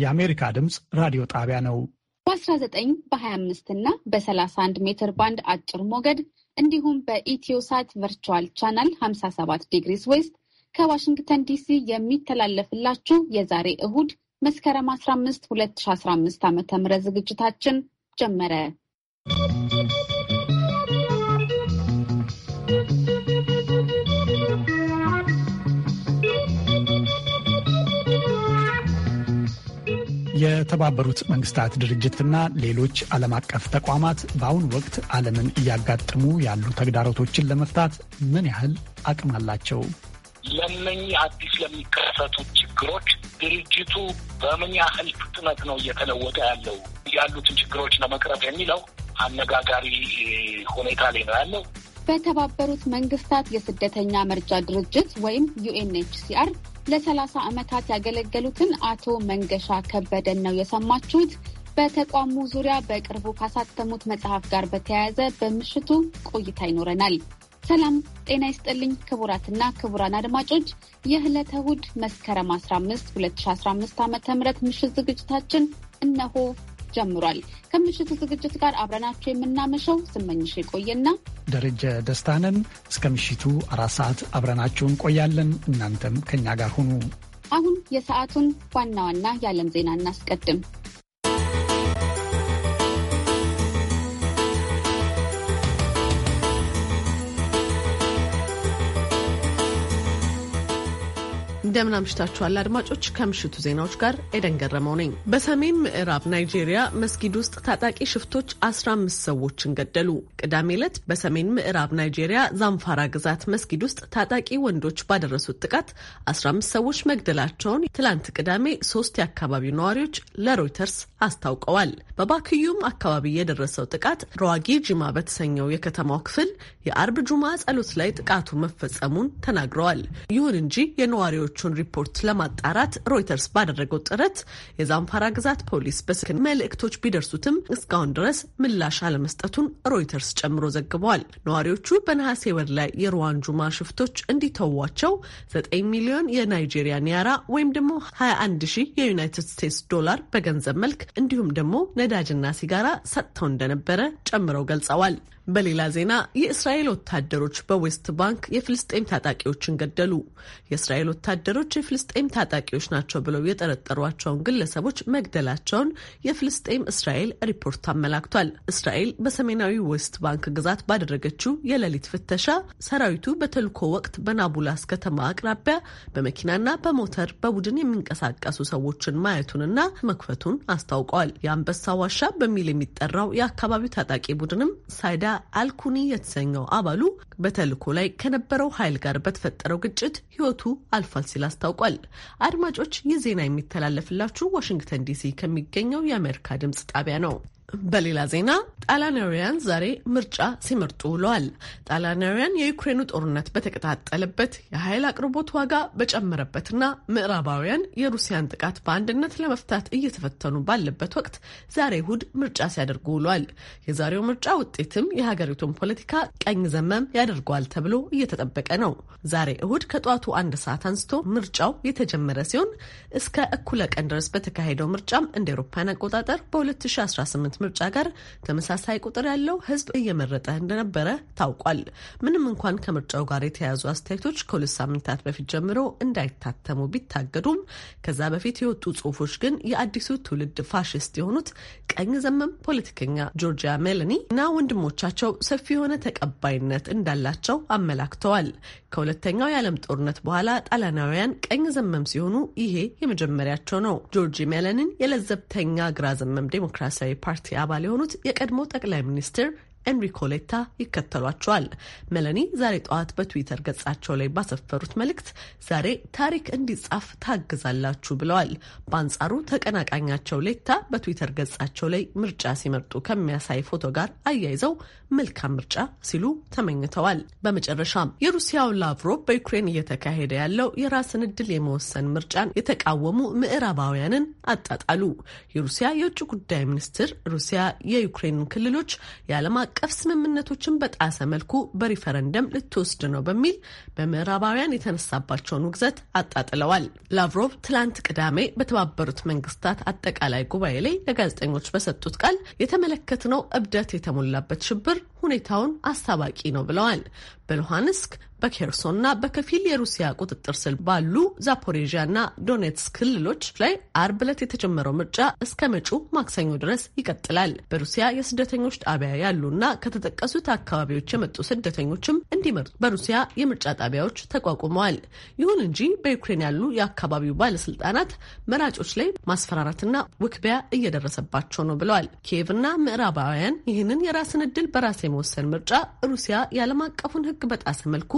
የአሜሪካ ድምፅ ራዲዮ ጣቢያ ነው። በ19 በ25 እና በ31 ሜትር ባንድ አጭር ሞገድ እንዲሁም በኢትዮሳት ቨርቹዋል ቻናል 57 ዲግሪስ ዌስት ከዋሽንግተን ዲሲ የሚተላለፍላችሁ የዛሬ እሁድ መስከረም 15 2015 ዓ ም ዝግጅታችን ጀመረ። የተባበሩት መንግስታት ድርጅትና ሌሎች ዓለም አቀፍ ተቋማት በአሁኑ ወቅት ዓለምን እያጋጠሙ ያሉ ተግዳሮቶችን ለመፍታት ምን ያህል አቅም አላቸው? ለነኚህ አዲስ ለሚከሰቱ ችግሮች ድርጅቱ በምን ያህል ፍጥነት ነው እየተለወጠ ያለው? ያሉትን ችግሮች ለመቅረፍ የሚለው አነጋጋሪ ሁኔታ ላይ ነው ያለው። በተባበሩት መንግስታት የስደተኛ መርጃ ድርጅት ወይም ዩኤንኤችሲአር ለሰላሳ ዓመታት ያገለገሉትን አቶ መንገሻ ከበደን ነው የሰማችሁት። በተቋሙ ዙሪያ በቅርቡ ካሳተሙት መጽሐፍ ጋር በተያያዘ በምሽቱ ቆይታ ይኖረናል። ሰላም ጤና ይስጥልኝ ክቡራትና ክቡራን አድማጮች የዕለተ መስከረም 15 2015 ዓ ም ምሽት ዝግጅታችን እነሆ ጀምሯል። ከምሽቱ ዝግጅት ጋር አብረናቸው የምናመሸው ስመኝሽ የቆየና ደረጀ ደስታነን እስከ ምሽቱ አራት ሰዓት አብረናችሁ እንቆያለን። እናንተም ከእኛ ጋር ሁኑ። አሁን የሰዓቱን ዋና ዋና የዓለም ዜና እናስቀድም። እንደምን አምሽታችኋል አድማጮች። ከምሽቱ ዜናዎች ጋር ኤደን ገረመው ነኝ። በሰሜን ምዕራብ ናይጄሪያ መስጊድ ውስጥ ታጣቂ ሽፍቶች 15 ሰዎችን ገደሉ። ቅዳሜ ዕለት በሰሜን ምዕራብ ናይጄሪያ ዛምፋራ ግዛት መስጊድ ውስጥ ታጣቂ ወንዶች ባደረሱት ጥቃት 15 ሰዎች መግደላቸውን ትላንት ቅዳሜ ሶስት የአካባቢው ነዋሪዎች ለሮይተርስ አስታውቀዋል። በባክዩም አካባቢ የደረሰው ጥቃት ሯጊ ጅማ በተሰኘው የከተማው ክፍል የአርብ ጁማ ጸሎት ላይ ጥቃቱ መፈጸሙን ተናግረዋል። ይሁን እንጂ የነዋሪዎቹ የደረሰውን ሪፖርት ለማጣራት ሮይተርስ ባደረገው ጥረት የዛምፓራ ግዛት ፖሊስ በስልክ መልእክቶች ቢደርሱትም እስካሁን ድረስ ምላሽ አለመስጠቱን ሮይተርስ ጨምሮ ዘግበዋል። ነዋሪዎቹ በነሐሴ ወር ላይ የሩዋንጁማ ሽፍቶች እንዲተዋቸው 9 ሚሊዮን የናይጄሪያ ኒያራ ወይም ደግሞ 21 ሺህ የዩናይትድ ስቴትስ ዶላር በገንዘብ መልክ እንዲሁም ደግሞ ነዳጅና ሲጋራ ሰጥተው እንደነበረ ጨምረው ገልጸዋል። በሌላ ዜና የእስራኤል ወታደሮች በዌስት ባንክ የፍልስጤም ታጣቂዎችን ገደሉ። የእስራኤል ወታደሮች የፍልስጤም ታጣቂዎች ናቸው ብለው የጠረጠሯቸውን ግለሰቦች መግደላቸውን የፍልስጤም እስራኤል ሪፖርት አመላክቷል። እስራኤል በሰሜናዊ ዌስት ባንክ ግዛት ባደረገችው የሌሊት ፍተሻ ሰራዊቱ በተልኮ ወቅት በናቡላስ ከተማ አቅራቢያ በመኪናና በሞተር በቡድን የሚንቀሳቀሱ ሰዎችን ማየቱንና መክፈቱን አስታውቀዋል። የአንበሳ ዋሻ በሚል የሚጠራው የአካባቢው ታጣቂ ቡድንም ሳይዳ አልኩኒ የተሰኘው አባሉ በተልኮ ላይ ከነበረው ኃይል ጋር በተፈጠረው ግጭት ሕይወቱ አልፏል ሲል አስታውቋል። አድማጮች ይህ ዜና የሚተላለፍላችሁ ዋሽንግተን ዲሲ ከሚገኘው የአሜሪካ ድምጽ ጣቢያ ነው። በሌላ ዜና ጣሊያናውያን ዛሬ ምርጫ ሲመርጡ ውለዋል። ጣሊያናውያን የዩክሬኑ ጦርነት በተቀጣጠለበት የኃይል አቅርቦት ዋጋ በጨመረበትና ምዕራባውያን የሩሲያን ጥቃት በአንድነት ለመፍታት እየተፈተኑ ባለበት ወቅት ዛሬ እሁድ ምርጫ ሲያደርጉ ውለዋል። የዛሬው ምርጫ ውጤትም የሀገሪቱን ፖለቲካ ቀኝ ዘመም ያደርገዋል ተብሎ እየተጠበቀ ነው። ዛሬ እሁድ ከጠዋቱ አንድ ሰዓት አንስቶ ምርጫው የተጀመረ ሲሆን እስከ እኩለ ቀን ድረስ በተካሄደው ምርጫም እንደ ኤሮፓን አቆጣጠር በ2018 ምርጫ ጋር ተመሳሳይ ቁጥር ያለው ህዝብ እየመረጠ እንደነበረ ታውቋል። ምንም እንኳን ከምርጫው ጋር የተያያዙ አስተያየቶች ከሁለት ሳምንታት በፊት ጀምሮ እንዳይታተሙ ቢታገዱም ከዛ በፊት የወጡ ጽሁፎች ግን የአዲሱ ትውልድ ፋሽስት የሆኑት ቀኝ ዘመም ፖለቲከኛ ጆርጂያ ሜለኒ እና ወንድሞቻቸው ሰፊ የሆነ ተቀባይነት እንዳላቸው አመላክተዋል። ከሁለተኛው የዓለም ጦርነት በኋላ ጣሊያናውያን ቀኝ ዘመም ሲሆኑ ይሄ የመጀመሪያቸው ነው። ጆርጂ ሜለኒን የለዘብተኛ ግራ ዘመም ዴሞክራሲያዊ ፓርቲ ፓርቲ አባል የሆኑት የቀድሞ ጠቅላይ ሚኒስትር ሌታ ይከተሏቸዋል። መለኒ ዛሬ ጠዋት በትዊተር ገጻቸው ላይ ባሰፈሩት መልእክት ዛሬ ታሪክ እንዲጻፍ ታግዛላችሁ ብለዋል። በአንጻሩ ተቀናቃኛቸው ሌታ በትዊተር ገጻቸው ላይ ምርጫ ሲመርጡ ከሚያሳይ ፎቶ ጋር አያይዘው መልካም ምርጫ ሲሉ ተመኝተዋል። በመጨረሻም የሩሲያው ላቭሮቭ በዩክሬን እየተካሄደ ያለው የራስን እድል የመወሰን ምርጫን የተቃወሙ ምዕራባውያንን አጣጣሉ። የሩሲያ የውጭ ጉዳይ ሚኒስትር ሩሲያ የዩክሬን ክልሎች የዓለም አቀፍ ስምምነቶችን በጣሰ መልኩ በሪፈረንደም ልትወስድ ነው በሚል በምዕራባውያን የተነሳባቸውን ውግዘት አጣጥለዋል። ላቭሮቭ ትላንት ቅዳሜ በተባበሩት መንግስታት አጠቃላይ ጉባኤ ላይ ለጋዜጠኞች በሰጡት ቃል የተመለከትነው እብደት የተሞላበት ሽብር ሁኔታውን አስታባቂ ነው ብለዋል። በሉሃንስክ በኬርሶንና በከፊል የሩሲያ ቁጥጥር ስር ባሉ ዛፖሬዥያና ዶኔትስክ ክልሎች ላይ አርብ ዕለት የተጀመረው ምርጫ እስከ መጪው ማክሰኞ ድረስ ይቀጥላል። በሩሲያ የስደተኞች ጣቢያ ያሉና ከተጠቀሱት አካባቢዎች የመጡ ስደተኞችም እንዲመርጡ በሩሲያ የምርጫ ጣቢያዎች ተቋቁመዋል። ይሁን እንጂ በዩክሬን ያሉ የአካባቢው ባለስልጣናት መራጮች ላይ ማስፈራራትና ውክቢያ እየደረሰባቸው ነው ብለዋል። ኪየቭና ምዕራባውያን ይህንን የራስን ዕድል በራሴ የሚወሰን ምርጫ ሩሲያ የዓለም አቀፉን ሕግ በጣሰ መልኩ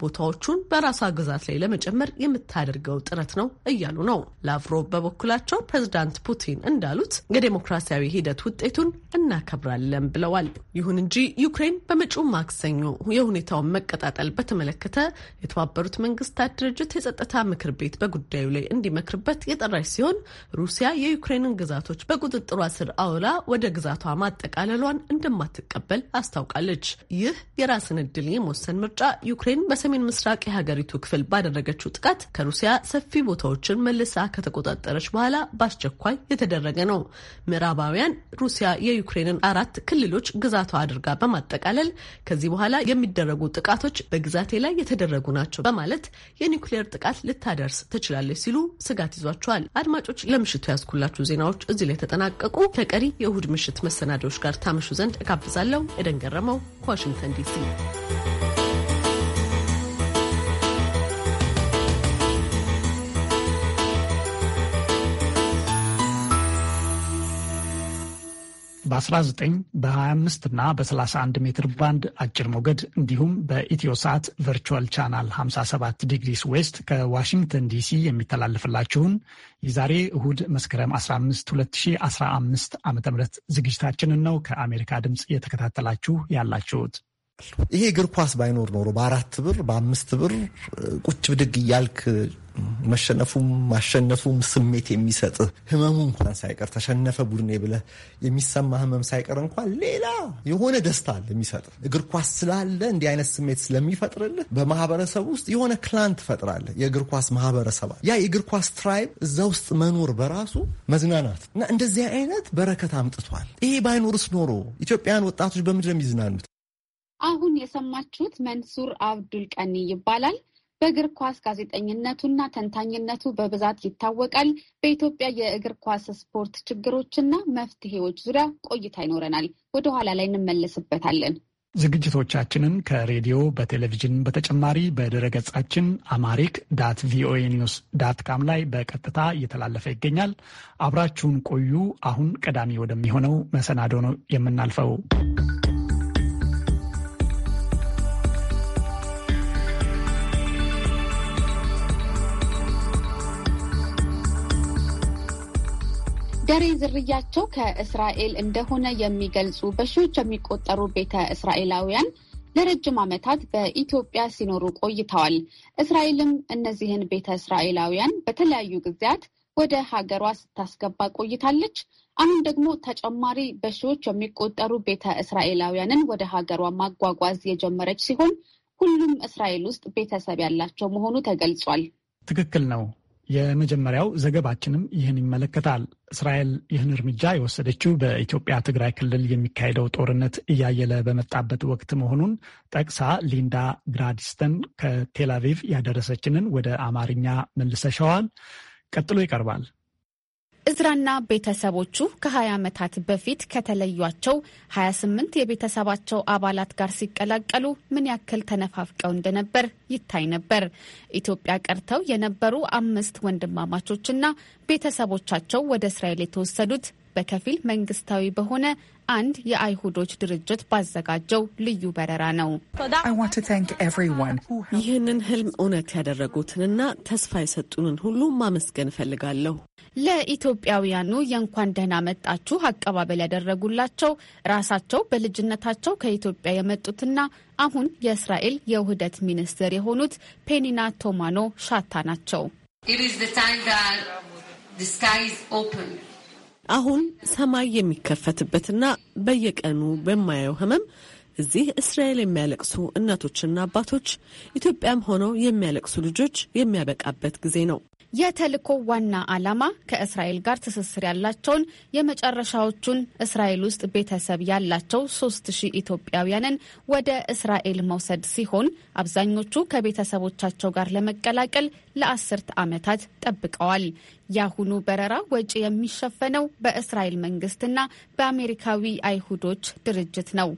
ቦታዎቹን በራሷ ግዛት ላይ ለመጨመር የምታደርገው ጥረት ነው እያሉ ነው። ላቭሮቭ በበኩላቸው ፕሬዚዳንት ፑቲን እንዳሉት የዴሞክራሲያዊ ሂደት ውጤቱን እናከብራለን ብለዋል። ይሁን እንጂ ዩክሬን በመጪው ማክሰኞ የሁኔታውን መቀጣጠል በተመለከተ የተባበሩት መንግስታት ድርጅት የጸጥታ ምክር ቤት በጉዳዩ ላይ እንዲመክርበት የጠራች ሲሆን ሩሲያ የዩክሬንን ግዛቶች በቁጥጥሯ ስር አውላ ወደ ግዛቷ ማጠቃለሏን እንደማትቀበል አስ አስታውቃለች። ይህ የራስን ዕድል የመወሰን ምርጫ ዩክሬን በሰሜን ምስራቅ የሀገሪቱ ክፍል ባደረገችው ጥቃት ከሩሲያ ሰፊ ቦታዎችን መልሳ ከተቆጣጠረች በኋላ በአስቸኳይ የተደረገ ነው። ምዕራባውያን ሩሲያ የዩክሬንን አራት ክልሎች ግዛቷ አድርጋ በማጠቃለል ከዚህ በኋላ የሚደረጉ ጥቃቶች በግዛቴ ላይ የተደረጉ ናቸው በማለት የኒውክሌር ጥቃት ልታደርስ ትችላለች ሲሉ ስጋት ይዟቸዋል። አድማጮች ለምሽቱ ያስኩላችሁ ዜናዎች እዚህ ላይ ተጠናቀቁ። ከቀሪ የእሁድ ምሽት መሰናዶዎች ጋር ታመሹ ዘንድ እጋብዛለሁ። ኤደን Ramón, Washington, D.C. በ19 በ25 እና በ31 ሜትር ባንድ አጭር ሞገድ እንዲሁም በኢትዮ ሰዓት ቨርቹዋል ቻናል 57 ዲግሪስ ዌስት ከዋሽንግተን ዲሲ የሚተላለፍላችሁን የዛሬ እሁድ መስከረም 15 2015 ዓ ም ዝግጅታችንን ነው ከአሜሪካ ድምፅ የተከታተላችሁ ያላችሁት። ይሄ እግር ኳስ ባይኖር ኖሮ በአራት ብር በአምስት ብር ቁጭ ብድግ እያልክ መሸነፉም ማሸነፉም ስሜት የሚሰጥ ህመሙ እንኳን ሳይቀር ተሸነፈ ቡድኔ ብለ የሚሰማ ህመም ሳይቀር እንኳን ሌላ የሆነ ደስታ አለ እግር ኳስ ስላለ እንዲህ አይነት ስሜት ስለሚፈጥርልህ በማህበረሰብ ውስጥ የሆነ ክላን ትፈጥራለህ። የእግር ኳስ ማህበረሰብ ያ የእግር ኳስ ትራይብ እዛ ውስጥ መኖር በራሱ መዝናናት እና እንደዚህ አይነት በረከት አምጥቷል። ይሄ ባይኖርስ ኖሮ ኢትዮጵያውያን ወጣቶች በምድር የሚዝናኑት? አሁን የሰማችሁት መንሱር አብዱል ቀኒ ይባላል። በእግር ኳስ ጋዜጠኝነቱና ተንታኝነቱ በብዛት ይታወቃል። በኢትዮጵያ የእግር ኳስ ስፖርት ችግሮችና መፍትሄዎች ዙሪያ ቆይታ ይኖረናል። ወደ ኋላ ላይ እንመለስበታለን። ዝግጅቶቻችንን ከሬዲዮ በቴሌቪዥን በተጨማሪ በድረገጻችን አማሪክ ዳት ቪኦኤ ኒውስ ዳት ካም ላይ በቀጥታ እየተላለፈ ይገኛል። አብራችሁን ቆዩ። አሁን ቀዳሚ ወደሚሆነው መሰናዶ ነው የምናልፈው። ደሬ ዝርያቸው ከእስራኤል እንደሆነ የሚገልጹ በሺዎች የሚቆጠሩ ቤተ እስራኤላውያን ለረጅም ዓመታት በኢትዮጵያ ሲኖሩ ቆይተዋል። እስራኤልም እነዚህን ቤተ እስራኤላውያን በተለያዩ ጊዜያት ወደ ሀገሯ ስታስገባ ቆይታለች። አሁን ደግሞ ተጨማሪ በሺዎች የሚቆጠሩ ቤተ እስራኤላውያንን ወደ ሀገሯ ማጓጓዝ የጀመረች ሲሆን ሁሉም እስራኤል ውስጥ ቤተሰብ ያላቸው መሆኑ ተገልጿል። ትክክል ነው። የመጀመሪያው ዘገባችንም ይህን ይመለከታል። እስራኤል ይህን እርምጃ የወሰደችው በኢትዮጵያ ትግራይ ክልል የሚካሄደው ጦርነት እያየለ በመጣበት ወቅት መሆኑን ጠቅሳ ሊንዳ ግራዲስተን ከቴላቪቭ ያደረሰችንን ወደ አማርኛ መልሰሸዋል። ቀጥሎ ይቀርባል። እዝራና ቤተሰቦቹ ከ20 ዓመታት በፊት ከተለዩቸው 28 የቤተሰባቸው አባላት ጋር ሲቀላቀሉ ምን ያክል ተነፋፍቀው እንደነበር ይታይ ነበር። ኢትዮጵያ ቀርተው የነበሩ አምስት ወንድማማቾችና ቤተሰቦቻቸው ወደ እስራኤል የተወሰዱት በከፊል መንግስታዊ በሆነ አንድ የአይሁዶች ድርጅት ባዘጋጀው ልዩ በረራ ነው። ይህንን ህልም እውነት ያደረጉትንና ተስፋ የሰጡንን ሁሉ ማመስገን እፈልጋለሁ። ለኢትዮጵያውያኑ የእንኳን ደህና መጣችሁ አቀባበል ያደረጉላቸው ራሳቸው በልጅነታቸው ከኢትዮጵያ የመጡትና አሁን የእስራኤል የውህደት ሚኒስትር የሆኑት ፔኒና ቶማኖ ሻታ ናቸው። አሁን ሰማይ የሚከፈትበትና በየቀኑ በማየው ህመም እዚህ እስራኤል የሚያለቅሱ እናቶችና አባቶች ኢትዮጵያም ሆነው የሚያለቅሱ ልጆች የሚያበቃበት ጊዜ ነው። የተልእኮ ዋና ዓላማ ከእስራኤል ጋር ትስስር ያላቸውን የመጨረሻዎቹን እስራኤል ውስጥ ቤተሰብ ያላቸው ሶስት ሺህ ኢትዮጵያውያንን ወደ እስራኤል መውሰድ ሲሆን አብዛኞቹ ከቤተሰቦቻቸው ጋር ለመቀላቀል ለአስርት ዓመታት ጠብቀዋል። የአሁኑ በረራ ወጪ የሚሸፈነው በእስራኤል መንግስትና በአሜሪካዊ አይሁዶች ድርጅት ነው።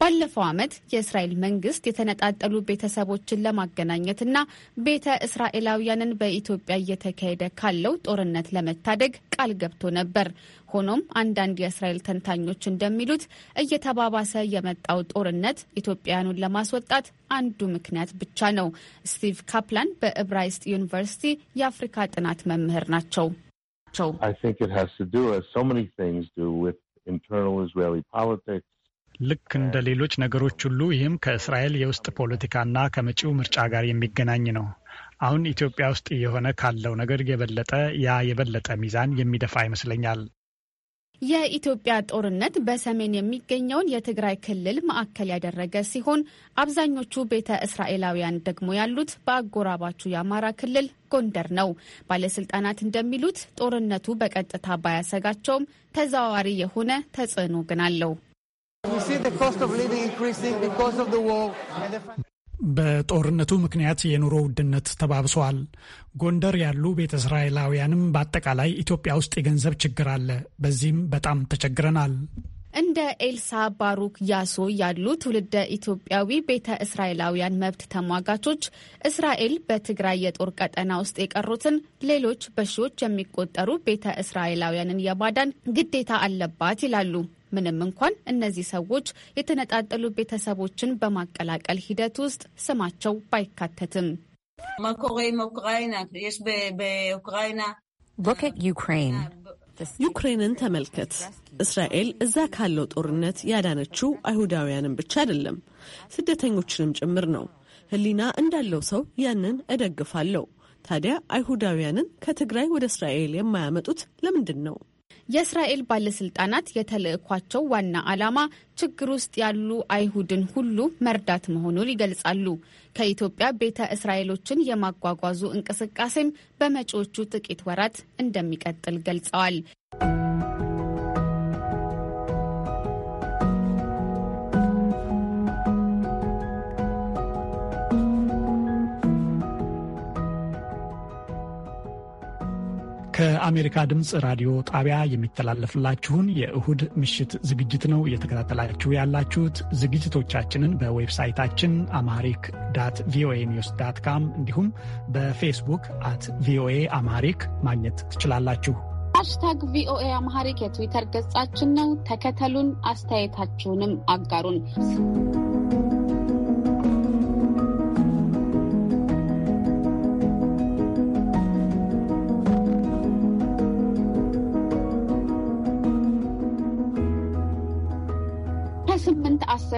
ባለፈው ዓመት የእስራኤል መንግስት የተነጣጠሉ ቤተሰቦችን ለማገናኘትና ቤተ እስራኤላውያንን በኢትዮጵያ እየተካሄደ ካለው ጦርነት ለመታደግ ቃል ገብቶ ነበር። ሆኖም አንዳንድ የእስራኤል ተንታኞች እንደሚሉት እየተባባሰ የመጣው ጦርነት ኢትዮጵያውያኑን ለማስወጣት አንዱ ምክንያት ብቻ ነው። ስቲቭ ካፕላን በዕብራይስጥ ዩኒቨርሲቲ የአፍሪካ ጥናት መምህር ናቸው። ልክ እንደ ሌሎች ነገሮች ሁሉ ይህም ከእስራኤል የውስጥ ፖለቲካና ከመጪው ምርጫ ጋር የሚገናኝ ነው። አሁን ኢትዮጵያ ውስጥ እየሆነ ካለው ነገር የበለጠ ያ የበለጠ ሚዛን የሚደፋ ይመስለኛል። የኢትዮጵያ ጦርነት በሰሜን የሚገኘውን የትግራይ ክልል ማዕከል ያደረገ ሲሆን አብዛኞቹ ቤተ እስራኤላውያን ደግሞ ያሉት በአጎራባቹ የአማራ ክልል ጎንደር ነው። ባለስልጣናት እንደሚሉት ጦርነቱ በቀጥታ ባያሰጋቸውም ተዘዋዋሪ የሆነ ተጽዕኖ ግን አለው። በጦርነቱ ምክንያት የኑሮ ውድነት ተባብሷል። ጎንደር ያሉ ቤተ እስራኤላውያንም በአጠቃላይ ኢትዮጵያ ውስጥ የገንዘብ ችግር አለ። በዚህም በጣም ተቸግረናል። እንደ ኤልሳ ባሩክ ያሶ ያሉ ትውልደ ኢትዮጵያዊ ቤተ እስራኤላውያን መብት ተሟጋቾች እስራኤል በትግራይ የጦር ቀጠና ውስጥ የቀሩትን ሌሎች በሺዎች የሚቆጠሩ ቤተ እስራኤላውያንን የማዳን ግዴታ አለባት ይላሉ። ምንም እንኳን እነዚህ ሰዎች የተነጣጠሉ ቤተሰቦችን በማቀላቀል ሂደት ውስጥ ስማቸው ባይካተትም። ዩክሬንን ተመልከት። እስራኤል እዛ ካለው ጦርነት ያዳነችው አይሁዳውያንን ብቻ አይደለም፣ ስደተኞችንም ጭምር ነው። ሕሊና እንዳለው ሰው ያንን እደግፋለሁ። ታዲያ አይሁዳውያንን ከትግራይ ወደ እስራኤል የማያመጡት ለምንድን ነው? የእስራኤል ባለስልጣናት የተልእኳቸው ዋና ዓላማ ችግር ውስጥ ያሉ አይሁድን ሁሉ መርዳት መሆኑን ይገልጻሉ። ከኢትዮጵያ ቤተ እስራኤሎችን የማጓጓዙ እንቅስቃሴም በመጪዎቹ ጥቂት ወራት እንደሚቀጥል ገልጸዋል። ከአሜሪካ ድምፅ ራዲዮ ጣቢያ የሚተላለፍላችሁን የእሁድ ምሽት ዝግጅት ነው እየተከታተላችሁ ያላችሁት። ዝግጅቶቻችንን በዌብሳይታችን አማሪክ ዳት ቪኦኤ ኒውስ ዳት ካም እንዲሁም በፌስቡክ አት ቪኦኤ አማሪክ ማግኘት ትችላላችሁ። ሃሽታግ ቪኦኤ አማሪክ የትዊተር ገጻችን ነው። ተከተሉን፣ አስተያየታችሁንም አጋሩን።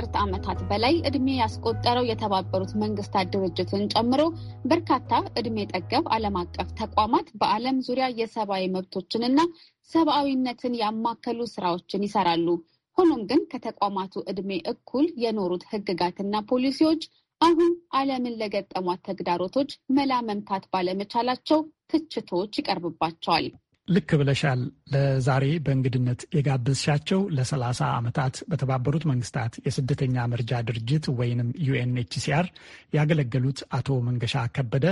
ከአስርት ዓመታት በላይ እድሜ ያስቆጠረው የተባበሩት መንግስታት ድርጅትን ጨምሮ በርካታ እድሜ ጠገብ ዓለም አቀፍ ተቋማት በዓለም ዙሪያ የሰብአዊ መብቶችንና ሰብአዊነትን ያማከሉ ስራዎችን ይሰራሉ። ሆኖም ግን ከተቋማቱ እድሜ እኩል የኖሩት ህግጋትና ፖሊሲዎች አሁን ዓለምን ለገጠሟት ተግዳሮቶች መላ መምታት ባለመቻላቸው ትችቶች ይቀርብባቸዋል። ልክ ብለሻል። ለዛሬ በእንግድነት የጋበዝሻቸው ለ30 ዓመታት በተባበሩት መንግስታት የስደተኛ መርጃ ድርጅት ወይንም ዩኤንኤችሲአር ያገለገሉት አቶ መንገሻ ከበደ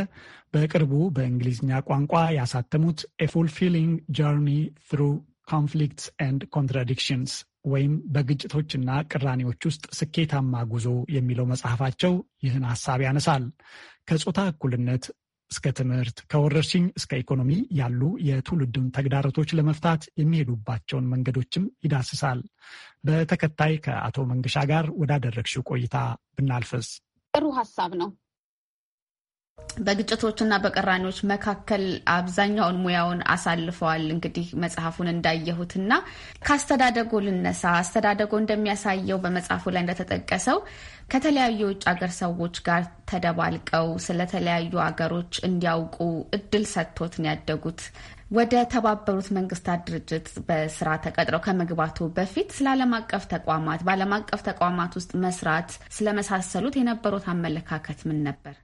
በቅርቡ በእንግሊዝኛ ቋንቋ ያሳተሙት ኤፉልፊሊንግ ፉልፊሊንግ ጆርኒ ትሩ ኮንፍሊክትስ ኤንድ ኮንትራዲክሽንስ ወይም በግጭቶችና ቅራኔዎች ውስጥ ስኬታማ ጉዞ የሚለው መጽሐፋቸው ይህን ሀሳብ ያነሳል። ከጾታ እኩልነት እስከ ትምህርት ከወረርሽኝ እስከ ኢኮኖሚ ያሉ የትውልድን ተግዳሮቶች ለመፍታት የሚሄዱባቸውን መንገዶችም ይዳስሳል። በተከታይ ከአቶ መንገሻ ጋር ወዳደረግሽው ቆይታ ብናልፍስ ጥሩ ሀሳብ ነው። በግጭቶችና በቀራኒዎች መካከል አብዛኛውን ሙያውን አሳልፈዋል። እንግዲህ መጽሐፉን እንዳየሁትና ከአስተዳደጎ ልነሳ። አስተዳደጎ እንደሚያሳየው በመጽሐፉ ላይ እንደተጠቀሰው ከተለያዩ የውጭ ሀገር ሰዎች ጋር ተደባልቀው ስለተለያዩ ሀገሮች እንዲያውቁ እድል ሰጥቶት ነው ያደጉት። ወደ ተባበሩት መንግስታት ድርጅት በስራ ተቀጥረው ከመግባቱ በፊት ስለ ዓለም አቀፍ ተቋማት በዓለም አቀፍ ተቋማት ውስጥ መስራት ስለመሳሰሉት የነበሩት አመለካከት ምን ነበር?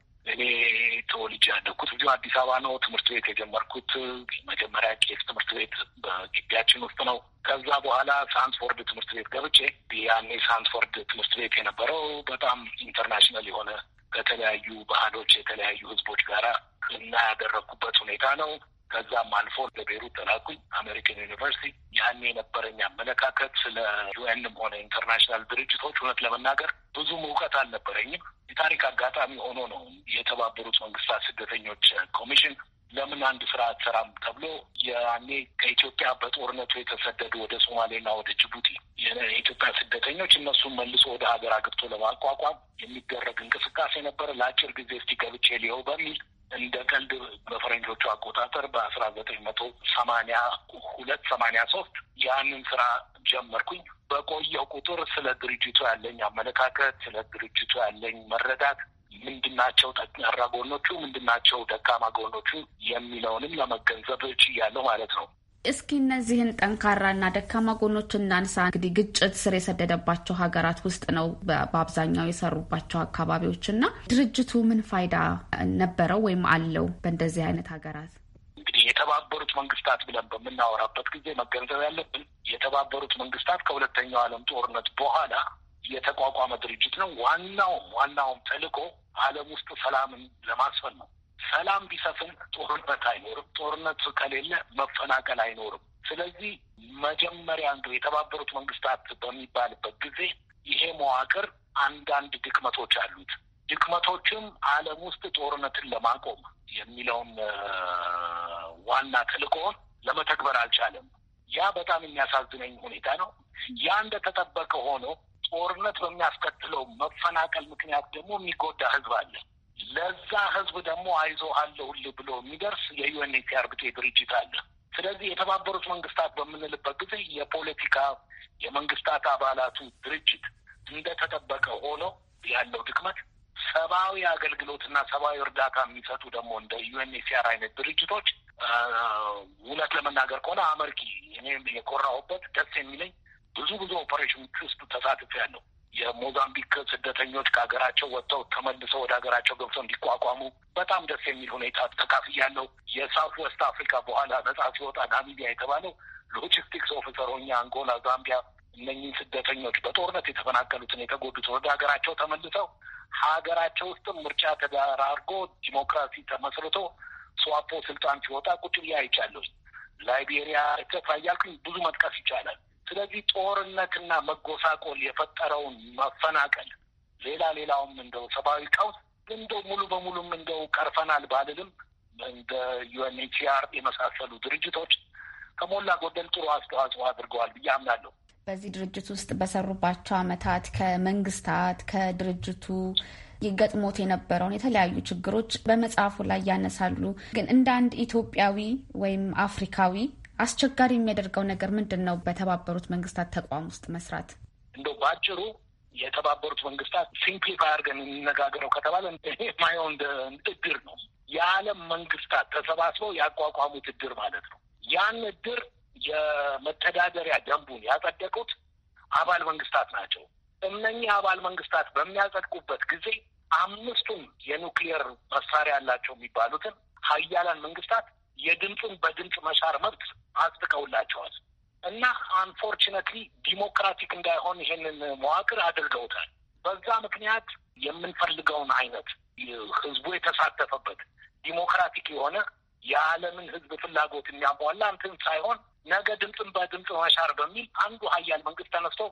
ተወልጄ ያደግኩት እዚሁ አዲስ አበባ ነው። ትምህርት ቤት የጀመርኩት መጀመሪያ ቄስ ትምህርት ቤት በግቢያችን ውስጥ ነው። ከዛ በኋላ ሳንስፎርድ ትምህርት ቤት ገብቼ ያኔ ሳንስፎርድ ትምህርት ቤት የነበረው በጣም ኢንተርናሽናል የሆነ ከተለያዩ ባህሎች የተለያዩ ህዝቦች ጋራ እና ያደረግኩበት ሁኔታ ነው። ከዛም አልፎ ለቤሩት ተላኩኝ። አሜሪካን ዩኒቨርሲቲ ያኔ የነበረኝ አመለካከት ስለ ዩኤንም ሆነ ኢንተርናሽናል ድርጅቶች እውነት ለመናገር ብዙም እውቀት አልነበረኝም። የታሪክ አጋጣሚ ሆኖ ነው የተባበሩት መንግስታት ስደተኞች ኮሚሽን ለምን አንድ ስራ አትሰራም ተብሎ ያኔ ከኢትዮጵያ በጦርነቱ የተሰደዱ ወደ ሶማሌና ወደ ጅቡቲ የኢትዮጵያ ስደተኞች እነሱን መልሶ ወደ ሀገር አግብቶ ለማቋቋም የሚደረግ እንቅስቃሴ ነበር። ለአጭር ጊዜ እስቲ ገብቼ ሊሆን በሚል እንደ ቀልድ በፈረንጆቹ አቆጣጠር በአስራ ዘጠኝ መቶ ሰማኒያ ሁለት ሰማኒያ ሶስት ያንን ስራ ጀመርኩኝ። በቆየው ቁጥር ስለ ድርጅቱ ያለኝ አመለካከት፣ ስለ ድርጅቱ ያለኝ መረዳት ምንድናቸው ጠንካራ ጎኖቹ፣ ምንድናቸው ደካማ ጎኖቹ የሚለውንም ለመገንዘብ ችያለሁ ማለት ነው። እስኪ እነዚህን ጠንካራና ደካማ ጎኖች እናንሳ። እንግዲህ ግጭት ስር የሰደደባቸው ሀገራት ውስጥ ነው በአብዛኛው የሰሩባቸው አካባቢዎች እና ድርጅቱ ምን ፋይዳ ነበረው ወይም አለው በእንደዚህ አይነት ሀገራት? እንግዲህ የተባበሩት መንግስታት ብለን በምናወራበት ጊዜ መገንዘብ ያለብን የተባበሩት መንግስታት ከሁለተኛው ዓለም ጦርነት በኋላ የተቋቋመ ድርጅት ነው። ዋናውም ዋናውም ተልዕኮ ዓለም ውስጥ ሰላምን ለማስፈን ነው። ሰላም ቢሰፍን ጦርነት አይኖርም። ጦርነት ከሌለ መፈናቀል አይኖርም። ስለዚህ መጀመሪያ እንደ የተባበሩት መንግስታት በሚባልበት ጊዜ ይሄ መዋቅር አንዳንድ ድክመቶች አሉት። ድክመቶችም ዓለም ውስጥ ጦርነትን ለማቆም የሚለውን ዋና ተልዕኮውን ለመተግበር አልቻለም። ያ በጣም የሚያሳዝነኝ ሁኔታ ነው። ያ እንደተጠበቀ ሆኖ ጦርነት በሚያስከትለው መፈናቀል ምክንያት ደግሞ የሚጎዳ ህዝብ አለ። ለዛ ህዝብ ደግሞ አይዞ አለሁልህ ብሎ የሚደርስ የዩኤንኤችሲአር ብጤ ድርጅት አለ። ስለዚህ የተባበሩት መንግስታት በምንልበት ጊዜ የፖለቲካ የመንግስታት አባላቱ ድርጅት እንደተጠበቀ ሆኖ ያለው ድክመት ሰብአዊ አገልግሎትና ሰብአዊ እርዳታ የሚሰጡ ደግሞ እንደ ዩኤንኤችሲአር አይነት ድርጅቶች እውነት ለመናገር ከሆነ አመርቂ እኔም የኮራሁበት ደስ የሚለኝ ብዙ ብዙ ኦፐሬሽኖች ውስጥ ያለው። የሞዛምቢክ ስደተኞች ከሀገራቸው ወጥተው ተመልሰው ወደ ሀገራቸው ገብተው እንዲቋቋሙ በጣም ደስ የሚል ሁኔታ ተካፍያለሁ። የሳውት ወስት አፍሪካ በኋላ ነጻ ሲወጣ ናሚቢያ የተባለው ሎጂስቲክስ ኦፊሰር ሆኜ አንጎላ፣ ዛምቢያ እነኝህን ስደተኞች በጦርነት የተፈናቀሉትን የተጎዱት ወደ ሀገራቸው ተመልሰው ሀገራቸው ውስጥም ምርጫ ተደራርጎ ዲሞክራሲ ተመስርቶ ስዋፖ ስልጣን ሲወጣ ቁጭ ብዬ አይቻለሁ። ላይቤሪያ፣ ኤርትራ እያልኩኝ ብዙ መጥቀስ ይቻላል። ስለዚህ ጦርነትና መጎሳቆል የፈጠረውን መፈናቀል፣ ሌላ ሌላውም እንደው ሰብአዊ ቀውስ እንደው ሙሉ በሙሉም እንደው ቀርፈናል ባልልም እንደ ዩኤንኤችሲአር የመሳሰሉ ድርጅቶች ከሞላ ጎደል ጥሩ አስተዋጽኦ አድርገዋል ብዬ አምናለሁ። በዚህ ድርጅት ውስጥ በሰሩባቸው አመታት ከመንግስታት ከድርጅቱ ይገጥሞት የነበረውን የተለያዩ ችግሮች በመጽሐፉ ላይ ያነሳሉ። ግን እንደ አንድ ኢትዮጵያዊ ወይም አፍሪካዊ አስቸጋሪ የሚያደርገው ነገር ምንድን ነው? በተባበሩት መንግስታት ተቋም ውስጥ መስራት እንደው በአጭሩ የተባበሩት መንግስታት ሲምፕሊፋይ አድርገን የሚነጋገረው ከተባለ ይሄ እድር ነው። የዓለም መንግስታት ተሰባስበው ያቋቋሙት እድር ማለት ነው። ያን እድር የመተዳደሪያ ደንቡን ያጸደቁት አባል መንግስታት ናቸው። እነኚህ አባል መንግስታት በሚያጸድቁበት ጊዜ አምስቱም የኑክሊየር መሳሪያ ያላቸው የሚባሉትን ሀያላን መንግስታት የድምፅን በድምፅ መሻር መብት አጽድቀውላቸዋል እና አንፎርችነትሊ ዲሞክራቲክ እንዳይሆን ይሄንን መዋቅር አድርገውታል። በዛ ምክንያት የምንፈልገውን አይነት ህዝቡ የተሳተፈበት ዲሞክራቲክ የሆነ የዓለምን ህዝብ ፍላጎት የሚያሟላ እንትን ሳይሆን ነገ ድምፅን በድምፅ መሻር በሚል አንዱ ሀያል መንግስት ተነስቶ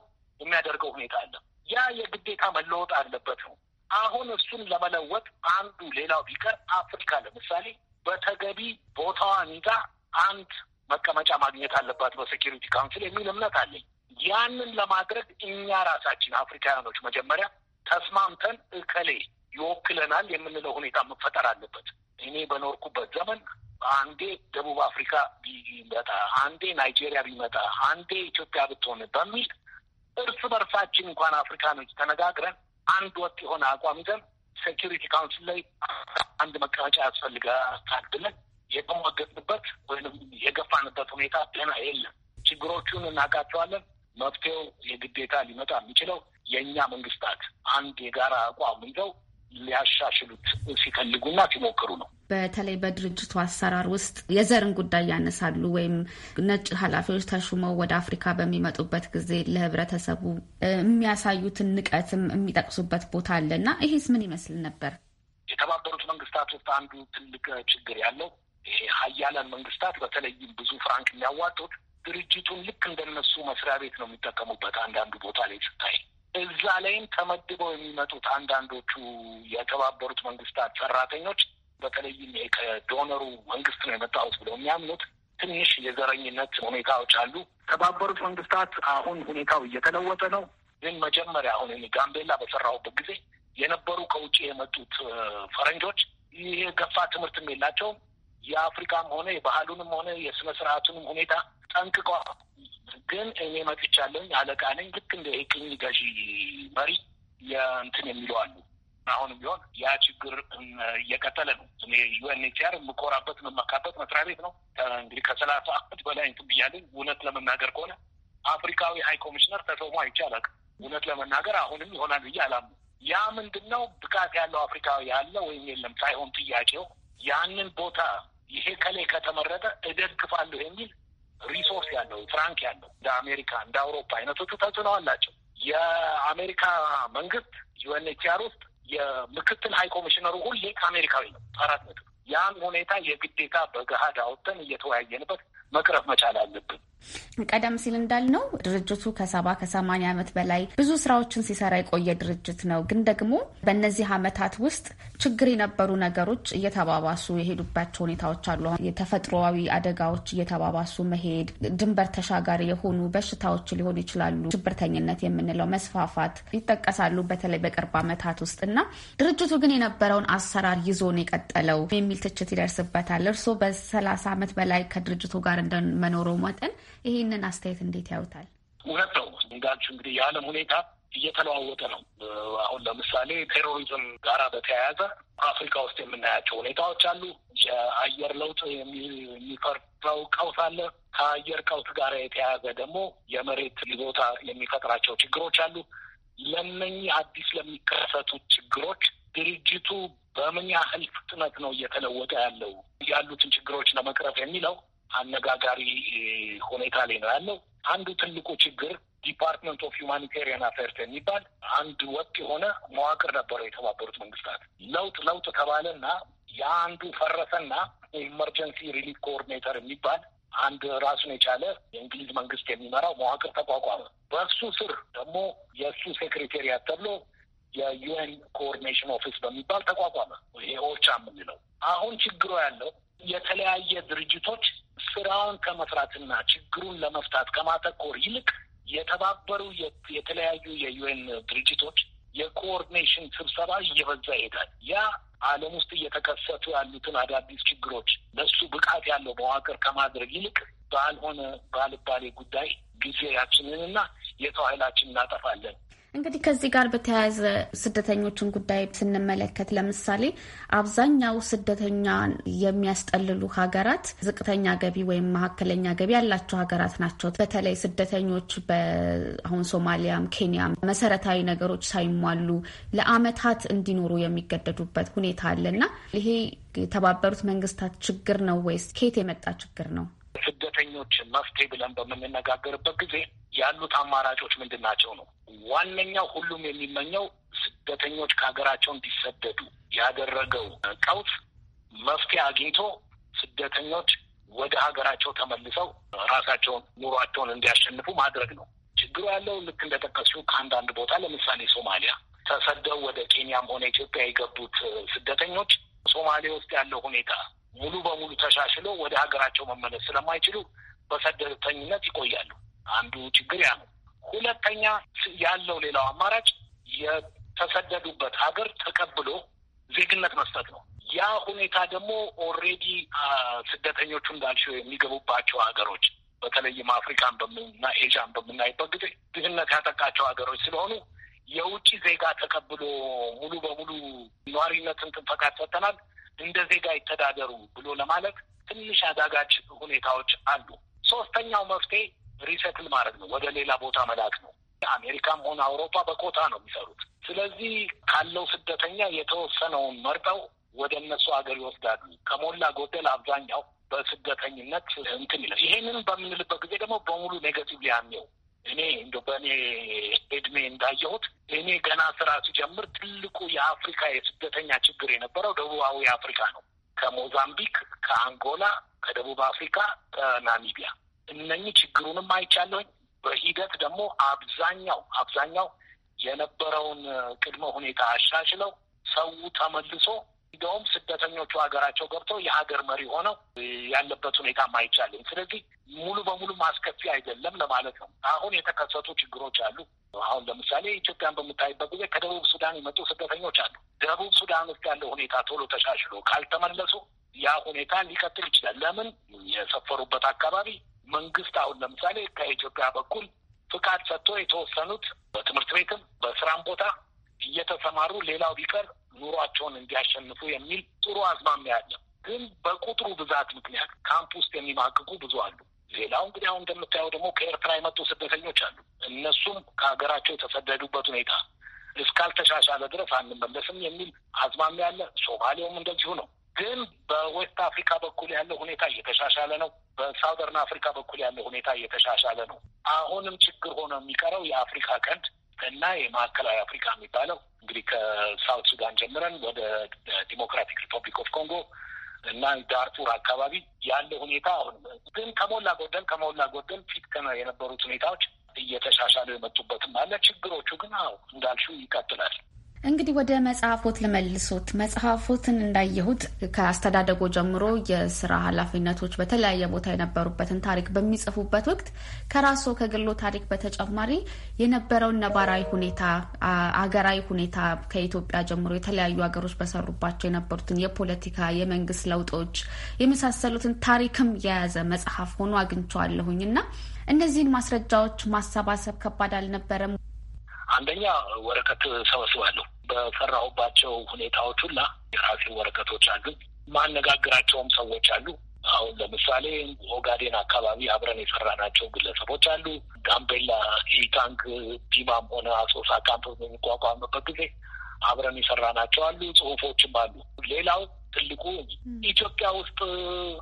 የሚያደርገው ሁኔታ አለ። ያ የግዴታ መለወጥ አለበት ነው። አሁን እሱን ለመለወጥ አንዱ ሌላው ቢቀር አፍሪካ ለምሳሌ በተገቢ ቦታዋን ይዛ አንድ መቀመጫ ማግኘት አለባት በሴኪሪቲ ካውንስል የሚል እምነት አለኝ። ያንን ለማድረግ እኛ ራሳችን አፍሪካውያኖች መጀመሪያ ተስማምተን እከሌ ይወክለናል የምንለው ሁኔታ መፈጠር አለበት። እኔ በኖርኩበት ዘመን አንዴ ደቡብ አፍሪካ ቢመጣ፣ አንዴ ናይጄሪያ ቢመጣ፣ አንዴ ኢትዮጵያ ብትሆን በሚል እርስ በርሳችን እንኳን አፍሪካኖች ተነጋግረን አንድ ወጥ የሆነ አቋም ይዘን ሴኪሪቲ ካውንስል ላይ አንድ መቀመጫ ያስፈልጋታል ብለን የተሟገጥንበት ወይም የገፋንበት ሁኔታ ጤና የለም። ችግሮቹን እናውቃቸዋለን። መፍትሄው የግዴታ ሊመጣ የሚችለው የእኛ መንግስታት አንድ የጋራ አቋም ይዘው ሊያሻሽሉት ሲፈልጉና ሲሞክሩ ነው። በተለይ በድርጅቱ አሰራር ውስጥ የዘርን ጉዳይ ያነሳሉ ወይም ነጭ ኃላፊዎች ተሹመው ወደ አፍሪካ በሚመጡበት ጊዜ ለህብረተሰቡ የሚያሳዩትን ንቀትም የሚጠቅሱበት ቦታ አለ እና ይሄስ ምን ይመስል ነበር? የተባበሩት መንግስታት ውስጥ አንዱ ትልቅ ችግር ያለው ይሄ ሀያላን መንግስታት በተለይም ብዙ ፍራንክ የሚያዋጡት ድርጅቱን ልክ እንደነሱ መስሪያ ቤት ነው የሚጠቀሙበት። አንዳንዱ ቦታ ላይ ስታይ እዛ ላይም ተመድበው የሚመጡት አንዳንዶቹ የተባበሩት መንግስታት ሰራተኞች በተለይም ከዶነሩ መንግስት ነው የመጣሁት ብለው የሚያምኑት ትንሽ የዘረኝነት ሁኔታዎች አሉ። የተባበሩት መንግስታት አሁን ሁኔታው እየተለወጠ ነው። ግን መጀመሪያ አሁን ጋምቤላ በሰራሁበት ጊዜ የነበሩ ከውጭ የመጡት ፈረንጆች ይሄ ገፋ ትምህርትም የላቸውም። የአፍሪካም ሆነ የባህሉንም ሆነ የስነ ስርዓቱንም ሁኔታ ጠንቅቋል። ግን እኔ መጥቻለኝ አለቃ ነኝ። ልክ እንደ ቅኝ ገዢ መሪ የእንትን የሚለው አሉ። አሁንም ቢሆን ያ ችግር እየቀጠለ ነው። እኔ ዩኤንኤችሲአር የምኮራበት የምመካበት መስሪያ ቤት ነው። እንግዲህ ከሰላሳ አመት በላይ እንትን ብያለኝ። እውነት ለመናገር ከሆነ አፍሪካዊ ሀይ ኮሚሽነር ተሾሞ አይቻላል። እውነት ለመናገር አሁንም ይሆናል ብዬ አላም ያ ምንድን ነው ብቃት ያለው አፍሪካዊ ያለ ወይም የለም ሳይሆን ጥያቄው ያንን ቦታ ይሄ ከላይ ከተመረጠ እደግፋለሁ የሚል ሪሶርስ ያለው ፍራንክ ያለው እንደ አሜሪካ እንደ አውሮፓ አይነቶቹ ተጽዕኖ አላቸው። የአሜሪካ መንግስት ዩኤንኤችሲአር ውስጥ የምክትል ሀይ ኮሚሽነሩ ሁሌ አሜሪካዊ ነው። አራት ነጥብ ያን ሁኔታ የግዴታ በገሀድ አውጥተን እየተወያየንበት መቅረብ መቻል አለብን። ቀደም ሲል እንዳልነው ድርጅቱ ከሰባ ከሰማኒያ ዓመት በላይ ብዙ ስራዎችን ሲሰራ የቆየ ድርጅት ነው። ግን ደግሞ በእነዚህ ዓመታት ውስጥ ችግር የነበሩ ነገሮች እየተባባሱ የሄዱባቸው ሁኔታዎች አሉ። የተፈጥሮዊ አደጋዎች እየተባባሱ መሄድ፣ ድንበር ተሻጋሪ የሆኑ በሽታዎች ሊሆኑ ይችላሉ፣ ሽብርተኝነት የምንለው መስፋፋት ይጠቀሳሉ፣ በተለይ በቅርብ ዓመታት ውስጥ እና ድርጅቱ ግን የነበረውን አሰራር ይዞ ነው የቀጠለው የሚል ትችት ይደርስበታል። እርስዎ በሰላሳ ዓመት በላይ ከድርጅቱ ጋር እንደመኖሩ መጠን ይህንን አስተያየት እንዴት ያዩታል? እውነት ነው እንዳችሁ እንግዲህ የዓለም ሁኔታ እየተለዋወጠ ነው። አሁን ለምሳሌ ቴሮሪዝም ጋራ በተያያዘ አፍሪካ ውስጥ የምናያቸው ሁኔታዎች አሉ። የአየር ለውጥ የሚፈጥረው ቀውስ አለ። ከአየር ቀውስ ጋር የተያያዘ ደግሞ የመሬት ይዞታ የሚፈጥራቸው ችግሮች አሉ። ለነኚህ አዲስ ለሚከሰቱ ችግሮች ድርጅቱ በምን ያህል ፍጥነት ነው እየተለወጠ ያለው ያሉትን ችግሮች ለመቅረፍ የሚለው አነጋጋሪ ሁኔታ ላይ ነው ያለው። አንዱ ትልቁ ችግር ዲፓርትመንት ኦፍ ሁማኒቴሪያን አፌርስ የሚባል አንድ ወጥ የሆነ መዋቅር ነበረው የተባበሩት መንግስታት። ለውጥ ለውጥ ተባለና የአንዱ ፈረሰና የኢመርጀንሲ ሪሊፍ ኮኦርዲኔተር የሚባል አንድ ራሱን የቻለ የእንግሊዝ መንግስት የሚመራው መዋቅር ተቋቋመ። በእሱ ስር ደግሞ የእሱ ሴክሬቴሪያት ተብሎ የዩኤን ኮኦርዲኔሽን ኦፊስ በሚባል ተቋቋመ፣ ይሄ ኦቻ የምንለው። አሁን ችግሩ ያለው የተለያየ ድርጅቶች ስራውን ከመስራትና ችግሩን ለመፍታት ከማተኮር ይልቅ የተባበሩ የተለያዩ የዩኤን ድርጅቶች የኮኦርዲኔሽን ስብሰባ እየበዛ ይሄዳል። ያ ዓለም ውስጥ እየተከሰቱ ያሉትን አዳዲስ ችግሮች ለሱ ብቃት ያለው መዋቅር ከማድረግ ይልቅ ባልሆነ ባልባሌ ጉዳይ ጊዜያችንንና የሰው ኃይላችን እናጠፋለን። እንግዲህ ከዚህ ጋር በተያያዘ ስደተኞችን ጉዳይ ስንመለከት ለምሳሌ አብዛኛው ስደተኛ የሚያስጠልሉ ሀገራት ዝቅተኛ ገቢ ወይም መካከለኛ ገቢ ያላቸው ሀገራት ናቸው። በተለይ ስደተኞች በአሁን ሶማሊያም ኬንያም መሰረታዊ ነገሮች ሳይሟሉ ለአመታት እንዲኖሩ የሚገደዱበት ሁኔታ አለና ይሄ የተባበሩት መንግስታት ችግር ነው ወይስ ከየት የመጣ ችግር ነው? ስደተኞችን መፍትሄ ብለን በምንነጋገርበት ጊዜ ያሉት አማራጮች ምንድን ናቸው ነው። ዋነኛው ሁሉም የሚመኘው ስደተኞች ከሀገራቸው እንዲሰደዱ ያደረገው ቀውስ መፍትሄ አግኝቶ ስደተኞች ወደ ሀገራቸው ተመልሰው ራሳቸውን ኑሯቸውን እንዲያሸንፉ ማድረግ ነው። ችግሩ ያለው ልክ እንደጠቀሱ ከአንዳንድ ቦታ ለምሳሌ ሶማሊያ ተሰደው ወደ ኬንያም ሆነ ኢትዮጵያ የገቡት ስደተኞች ሶማሌ ውስጥ ያለው ሁኔታ ሙሉ በሙሉ ተሻሽሎ ወደ ሀገራቸው መመለስ ስለማይችሉ በስደተኝነት ይቆያሉ። አንዱ ችግር ያ ነው። ሁለተኛ ያለው ሌላው አማራጭ የተሰደዱበት ሀገር ተቀብሎ ዜግነት መስጠት ነው። ያ ሁኔታ ደግሞ ኦልሬዲ ስደተኞቹ እንዳልሽው የሚገቡባቸው ሀገሮች በተለይም አፍሪካን በምና ኤዥያን በምናይበት ጊዜ ድህነት ያጠቃቸው ሀገሮች ስለሆኑ የውጭ ዜጋ ተቀብሎ ሙሉ በሙሉ ነዋሪነትን ትንፈቃት ሰጥተናል እንደ ዜጋ ይተዳደሩ ብሎ ለማለት ትንሽ አዳጋች ሁኔታዎች አሉ። ሶስተኛው መፍትሄ ሪሰትል ማድረግ ነው፣ ወደ ሌላ ቦታ መላክ ነው። አሜሪካም ሆነ አውሮፓ በኮታ ነው የሚሰሩት። ስለዚህ ካለው ስደተኛ የተወሰነውን መርጠው ወደ እነሱ ሀገር ይወስዳሉ። ከሞላ ጎደል አብዛኛው በስደተኝነት እንትን ይላል። ይሄንን በምንልበት ጊዜ ደግሞ በሙሉ ኔጋቲቭ ሊያምየው እኔ እንደ በእኔ እድሜ እንዳየሁት እኔ ገና ስራ ሲጀምር ትልቁ የአፍሪካ የስደተኛ ችግር የነበረው ደቡባዊ አፍሪካ ነው። ከሞዛምቢክ፣ ከአንጎላ፣ ከደቡብ አፍሪካ፣ ከናሚቢያ እነኚህ ችግሩንም አይቻለሁኝ። በሂደት ደግሞ አብዛኛው አብዛኛው የነበረውን ቅድመ ሁኔታ አሻሽለው ሰው ተመልሶ እንዲሁም ስደተኞቹ ሀገራቸው ገብተው የሀገር መሪ ሆነው ያለበት ሁኔታ አይቻልም። ስለዚህ ሙሉ በሙሉ ማስከፊ አይደለም ለማለት ነው። አሁን የተከሰቱ ችግሮች አሉ። አሁን ለምሳሌ ኢትዮጵያን በምታይበት ጊዜ ከደቡብ ሱዳን የመጡ ስደተኞች አሉ። ደቡብ ሱዳን ውስጥ ያለው ሁኔታ ቶሎ ተሻሽሎ ካልተመለሱ ያ ሁኔታ ሊቀጥል ይችላል። ለምን የሰፈሩበት አካባቢ መንግስት አሁን ለምሳሌ ከኢትዮጵያ በኩል ፍቃድ ሰጥቶ የተወሰኑት በትምህርት ቤትም በስራም ቦታ እየተሰማሩ ሌላው ቢቀር ኑሯቸውን እንዲያሸንፉ የሚል ጥሩ አዝማሚያ አለ። ግን በቁጥሩ ብዛት ምክንያት ካምፕ ውስጥ የሚማቅቁ ብዙ አሉ። ሌላው እንግዲህ አሁን እንደምታየው ደግሞ ከኤርትራ የመጡ ስደተኞች አሉ። እነሱም ከሀገራቸው የተሰደዱበት ሁኔታ እስካልተሻሻለ ድረስ አንመለስም የሚል አዝማሚያ አለ። ሶማሌውም እንደዚሁ ነው። ግን በዌስት አፍሪካ በኩል ያለው ሁኔታ እየተሻሻለ ነው። በሳውዘርን አፍሪካ በኩል ያለው ሁኔታ እየተሻሻለ ነው። አሁንም ችግር ሆኖ የሚቀረው የአፍሪካ ቀንድ እና የማዕከላዊ አፍሪካ የሚባለው እንግዲህ ከሳውት ሱዳን ጀምረን ወደ ዲሞክራቲክ ሪፐብሊክ ኦፍ ኮንጎ እና ዳርፉር አካባቢ ያለ ሁኔታ አሁን ግን ከሞላ ጎደል ከሞላ ጎደል ፊት የነበሩት ሁኔታዎች እየተሻሻሉ የመጡበትም አለ። ችግሮቹ ግን አዎ እንዳልሹ ይቀጥላል። እንግዲህ ወደ መጽሐፎት ልመልሶት። መጽሐፎትን እንዳየሁት ከአስተዳደጎ ጀምሮ የስራ ኃላፊነቶች በተለያየ ቦታ የነበሩበትን ታሪክ በሚጽፉበት ወቅት ከራስዎ ከግሎ ታሪክ በተጨማሪ የነበረውን ነባራዊ ሁኔታ፣ አገራዊ ሁኔታ ከኢትዮጵያ ጀምሮ የተለያዩ ሀገሮች በሰሩባቸው የነበሩትን የፖለቲካ፣ የመንግስት ለውጦች የመሳሰሉትን ታሪክም የያዘ መጽሐፍ ሆኖ አግኝቼዋለሁኝ እና እነዚህን ማስረጃዎች ማሰባሰብ ከባድ አልነበረም? አንደኛ ወረቀት ሰበስባለሁ። በሰራሁባቸው ሁኔታዎች ሁላ የራሴ ወረቀቶች አሉ። ማነጋግራቸውም ሰዎች አሉ። አሁን ለምሳሌ ኦጋዴን አካባቢ አብረን የሰራናቸው ግለሰቦች አሉ። ጋምቤላ ኢታንክ ዲማም ሆነ አሶሳ ካምፕ በሚቋቋምበት ጊዜ አብረን የሰራናቸው አሉ። ጽሁፎችም አሉ። ሌላው ትልቁ ኢትዮጵያ ውስጥ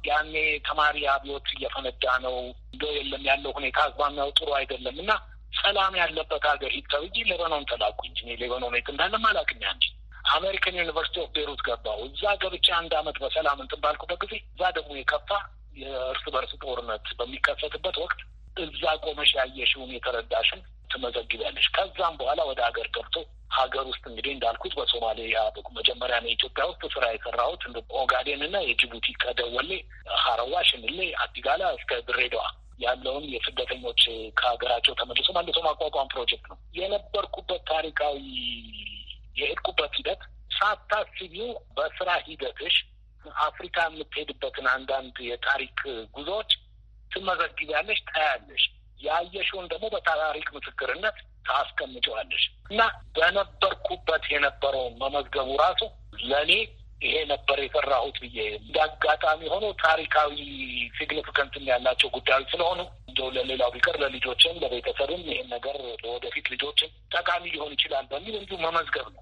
ያኔ ተማሪ አብዮት እየፈነዳ ነው እንደ የለም ያለው ሁኔታ አግባሚያው ጥሩ አይደለም እና ሰላም ያለበት ሀገር ሂድ ተብዬ ሌባኖን ተላኩኝ። እኔ ሌባኖን የት እንዳለ አላውቅም። አንቺ አሜሪካን ዩኒቨርሲቲ ኦፍ ቤሩት ገባሁ። እዛ ገብቼ አንድ አመት በሰላም እንትን ባልኩበት ጊዜ እዛ ደግሞ የከፋ የእርስ በርስ ጦርነት በሚከሰትበት ወቅት እዛ ቆመሽ ያየሽውን የተረዳሽን ትመዘግቢያለሽ። ከዛም በኋላ ወደ ሀገር ገብቶ ሀገር ውስጥ እንግዲህ እንዳልኩት በሶማሊያ መጀመሪያ ነው ኢትዮጵያ ውስጥ ስራ የሰራሁት ኦጋዴን እና የጅቡቲ ከደወሌ ሀረዋ፣ ሽንሌ፣ አዲጋላ እስከ ድሬዳዋ ያለውን የስደተኞች ከሀገራቸው ተመልሶ መልሶ ማቋቋም ፕሮጀክት ነው። የነበርኩበት ታሪካዊ የሄድኩበት ሂደት ሳታስቢው በስራ ሂደትሽ አፍሪካ የምትሄድበትን አንዳንድ የታሪክ ጉዞዎች ትመዘግቢያለሽ፣ ታያለሽ። ያየሽውን ደግሞ በታሪክ ምስክርነት ታስቀምጨዋለሽ እና በነበርኩበት የነበረውን መመዝገቡ ራሱ ለእኔ ይሄ ነበር የሰራሁት ብዬ እንደ አጋጣሚ ሆኖ ታሪካዊ ሲግኒፊካንትም ያላቸው ጉዳዮች ስለሆኑ እንደ ለሌላው ቢቀር ለልጆችም ለቤተሰብም ይህን ነገር ለወደፊት ልጆችም ጠቃሚ ሊሆን ይችላል በሚል እንዲሁ መመዝገብ ነው።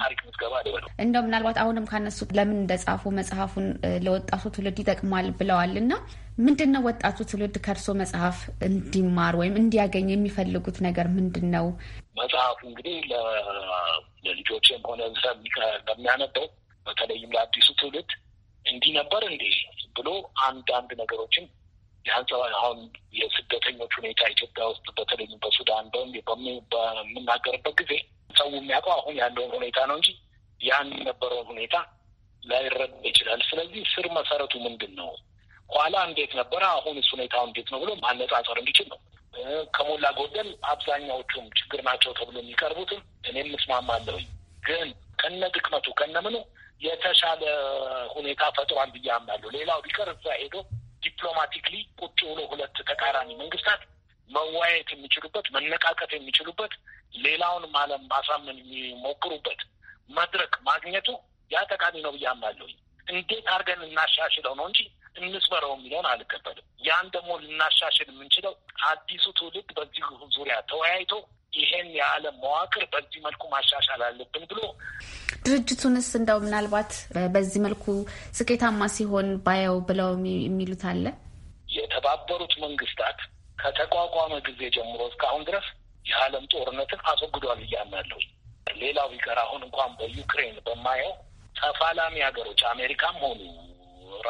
ታሪክ ምዝገባ ሊበለው እንደው ምናልባት አሁንም ካነሱ ለምን እንደጻፉ መጽሐፉን ለወጣቱ ትውልድ ይጠቅማል ብለዋል እና ምንድን ነው ወጣቱ ትውልድ ከእርሶ መጽሐፍ እንዲማር ወይም እንዲያገኝ የሚፈልጉት ነገር ምንድን ነው? መጽሐፉ እንግዲህ ለልጆችም ሆነ ለሚያነበው በተለይም ለአዲሱ ትውልድ እንዲህ ነበር እንዴ ብሎ አንዳንድ ነገሮችን የአንጸባ አሁን የስደተኞች ሁኔታ ኢትዮጵያ ውስጥ በተለይም በሱዳን በምናገርበት ጊዜ ሰው የሚያውቀው አሁን ያለውን ሁኔታ ነው እንጂ ያን የነበረውን ሁኔታ ላይረዳ ይችላል። ስለዚህ ስር መሰረቱ ምንድን ነው፣ ኋላ እንዴት ነበረ፣ አሁን ሁኔታው እንዴት ነው ብሎ ማነጻጸር እንዲችል ነው። ከሞላ ጎደል አብዛኛዎቹም ችግር ናቸው ተብሎ የሚቀርቡትም እኔም እስማማለሁኝ። ግን ከነ ድክመቱ ከነምኑ የተሻለ ሁኔታ ፈጥሯን ብዬ አምናለሁ። ሌላው ቢቀር እዛ ሄዶ ዲፕሎማቲክሊ ቁጭ ብሎ ሁለት ተቃራኒ መንግስታት መወያየት የሚችሉበት መነቃቀት የሚችሉበት ሌላውንም ዓለም ማሳመን የሚሞክሩበት መድረክ ማግኘቱ ያ ጠቃሚ ነው ብዬ አምናለሁ። እንዴት አድርገን እናሻሽለው ነው እንጂ እንስበረው የሚለውን አልቀበልም። ያን ደግሞ ልናሻሽል የምንችለው አዲሱ ትውልድ በዚህ ዙሪያ ተወያይቶ ይሄን የዓለም መዋቅር በዚህ መልኩ ማሻሻል አለብን ብሎ ድርጅቱንስ እንደው ምናልባት በዚህ መልኩ ስኬታማ ሲሆን ባየው ብለው የሚሉት አለ። የተባበሩት መንግስታት ከተቋቋመ ጊዜ ጀምሮ እስካሁን ድረስ የዓለም ጦርነትን አስወግዷል እያምናለሁ። ሌላው ቢቀር አሁን እንኳን በዩክሬን በማየው ተፋላሚ ሀገሮች አሜሪካም ሆኑ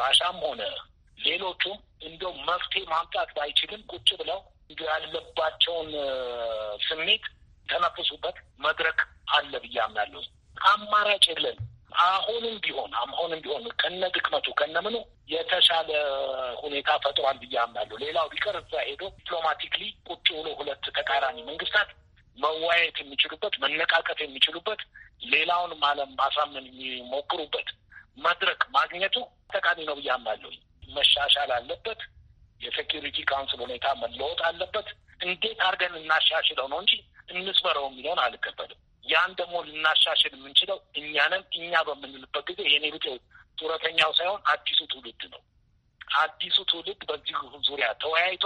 ራሻም ሆነ ሌሎቹም እንደው መፍትሄ ማምጣት ባይችልም ቁጭ ብለው ያለባቸውን ስሜት ተነፍሱበት መድረክ አለ ብዬ አምናለሁ። አማራጭ የለን። አሁንም ቢሆን አሁንም ቢሆን ከነ ድክመቱ ከነ ምኑ የተሻለ ሁኔታ ፈጥሯል ብዬ አምናለሁ። ሌላው ቢቀር እዛ ሄዶ ዲፕሎማቲክሊ ቁጭ ብሎ ሁለት ተቃራኒ መንግስታት መዋየት የሚችሉበት መነቃቀፍ የሚችሉበት ሌላውንም ዓለም ማሳመን የሚሞክሩበት መድረክ ማግኘቱ ጠቃሚ ነው ብዬ አምናለሁ። መሻሻል አለበት። የሴኪሪቲ ካውንስል ሁኔታ መለወጥ አለበት። እንዴት አድርገን እናሻሽለው ነው እንጂ እንስበረው የሚለውን አልቀበልም። ያን ደግሞ ልናሻሽል የምንችለው እኛንም እኛ በምንልበት ጊዜ የኔ ብጤው ጡረተኛው ሳይሆን አዲሱ ትውልድ ነው። አዲሱ ትውልድ በዚህ ዙሪያ ተወያይቶ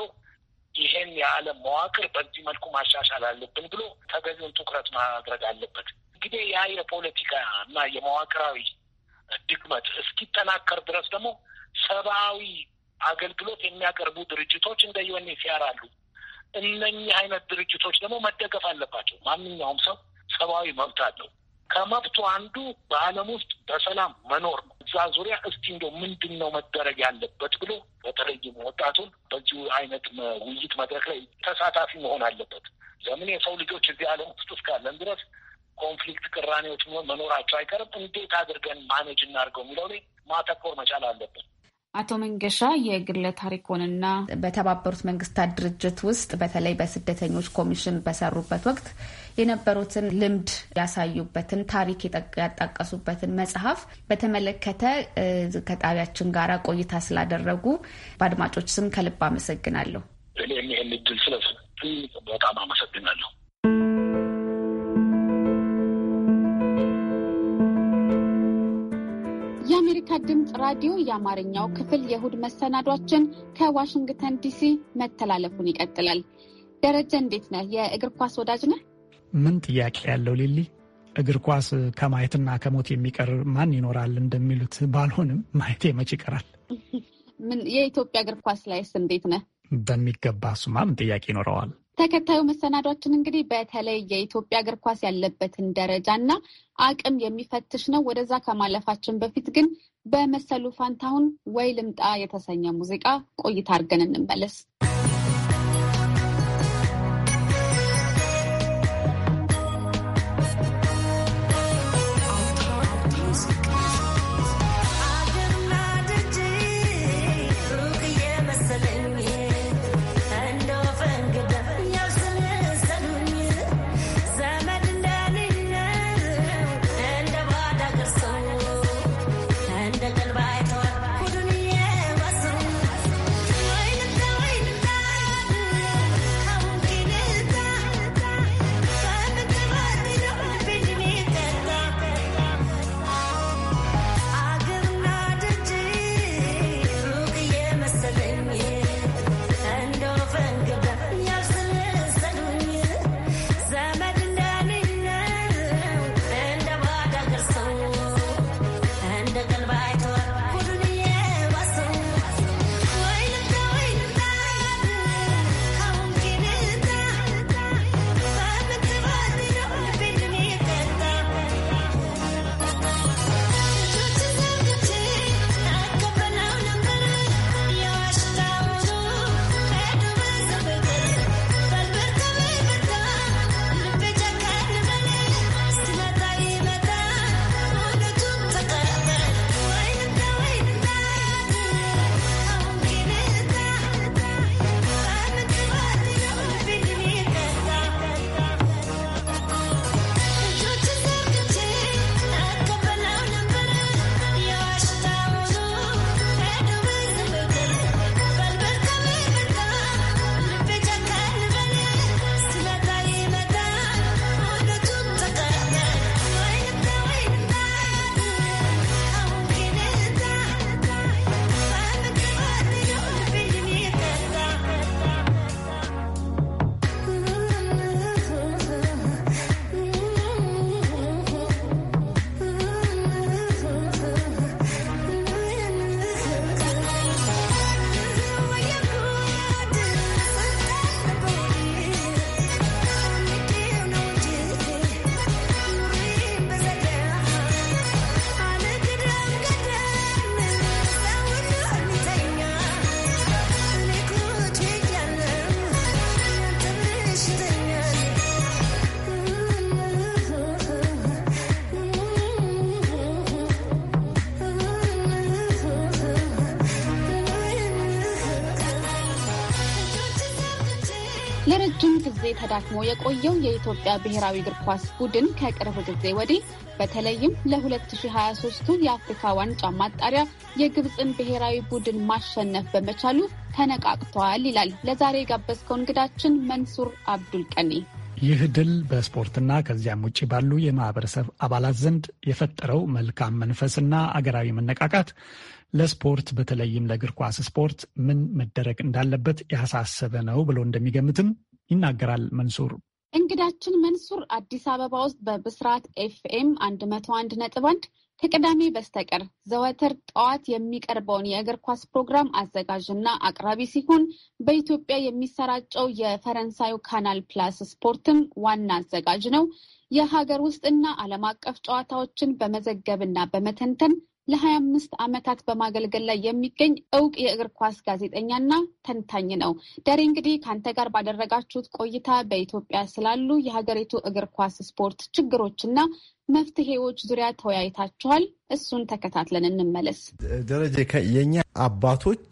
ይሄን የዓለም መዋቅር በዚህ መልኩ ማሻሻል አለብን ብሎ ተገቢውን ትኩረት ማድረግ አለበት። እንግዲህ ያ የፖለቲካ እና የመዋቅራዊ ድክመት እስኪጠናከር ድረስ ደግሞ ሰብአዊ አገልግሎት የሚያቀርቡ ድርጅቶች እንደ ዩኤንኤችሲአር አሉ። እነኚህ አይነት ድርጅቶች ደግሞ መደገፍ አለባቸው። ማንኛውም ሰው ሰብአዊ መብት አለው። ከመብቱ አንዱ በዓለም ውስጥ በሰላም መኖር ነው። እዛ ዙሪያ እስቲ እንደው ምንድን ነው መደረግ ያለበት ብሎ በተለይም ወጣቱን በዚሁ አይነት ውይይት መድረክ ላይ ተሳታፊ መሆን አለበት። ለምን የሰው ልጆች እዚህ ዓለም ውስጥ እስካለን ድረስ ኮንፍሊክት፣ ቅራኔዎች መኖራቸው አይቀርም። እንዴት አድርገን ማኔጅ እናድርገው የሚለው ላይ ማተኮር መቻል አለብን። አቶ መንገሻ የግለ ታሪኮንና በተባበሩት መንግስታት ድርጅት ውስጥ በተለይ በስደተኞች ኮሚሽን በሰሩበት ወቅት የነበሩትን ልምድ ያሳዩበትን ታሪክ ያጣቀሱበትን መጽሐፍ በተመለከተ ከጣቢያችን ጋር ቆይታ ስላደረጉ በአድማጮች ስም ከልብ አመሰግናለሁ። እኔም ይህን እድል ስለሰጡኝ በጣም አመሰግናለሁ። የአሜሪካ ድምፅ ራዲዮ የአማርኛው ክፍል የእሁድ መሰናዷችን ከዋሽንግተን ዲሲ መተላለፉን ይቀጥላል። ደረጀ እንዴት ነህ? የእግር ኳስ ወዳጅ ነህ? ምን ጥያቄ ያለው ሊሊ። እግር ኳስ ከማየትና ከሞት የሚቀር ማን ይኖራል እንደሚሉት ባልሆንም ማየት መች ይቀራል። ምን የኢትዮጵያ እግር ኳስ ላይስ እንዴት ነህ? በሚገባ እሱማ ምን ጥያቄ ይኖረዋል። ተከታዩ መሰናዷችን እንግዲህ በተለይ የኢትዮጵያ እግር ኳስ ያለበትን ደረጃ እና አቅም የሚፈትሽ ነው። ወደዛ ከማለፋችን በፊት ግን በመሰሉ ፋንታሁን ወይ ልምጣ የተሰኘ ሙዚቃ ቆይታ አድርገን እንመለስ። ለረጅም ጊዜ ተዳክሞ የቆየው የኢትዮጵያ ብሔራዊ እግር ኳስ ቡድን ከቅርብ ጊዜ ወዲህ በተለይም ለ2023ቱ የአፍሪካ ዋንጫ ማጣሪያ የግብፅን ብሔራዊ ቡድን ማሸነፍ በመቻሉ ተነቃቅተዋል ይላል ለዛሬ የጋበዝከው እንግዳችን መንሱር አብዱል ይህ ድል በስፖርትና ከዚያም ውጭ ባሉ የማህበረሰብ አባላት ዘንድ የፈጠረው መልካም መንፈስና አገራዊ መነቃቃት ለስፖርት በተለይም ለእግር ኳስ ስፖርት ምን መደረግ እንዳለበት ያሳሰበ ነው ብሎ እንደሚገምትም ይናገራል መንሱር። እንግዳችን መንሱር አዲስ አበባ ውስጥ በብስራት ኤፍኤም አንድ መቶ አንድ ነጥብ አንድ ከቅዳሜ በስተቀር ዘወትር ጠዋት የሚቀርበውን የእግር ኳስ ፕሮግራም አዘጋጅና አቅራቢ ሲሆን በኢትዮጵያ የሚሰራጨው የፈረንሳዩ ካናል ፕላስ ስፖርትም ዋና አዘጋጅ ነው። የሀገር ውስጥና ዓለም አቀፍ ጨዋታዎችን በመዘገብና በመተንተን ለሀያ አምስት ዓመታት በማገልገል ላይ የሚገኝ እውቅ የእግር ኳስ ጋዜጠኛና ተንታኝ ነው። ደሬ እንግዲህ ከአንተ ጋር ባደረጋችሁት ቆይታ በኢትዮጵያ ስላሉ የሀገሪቱ እግር ኳስ ስፖርት ችግሮችና መፍትሄዎች ዙሪያ ተወያይታችኋል። እሱን ተከታትለን እንመለስ። ደረጀ፣ የእኛ አባቶች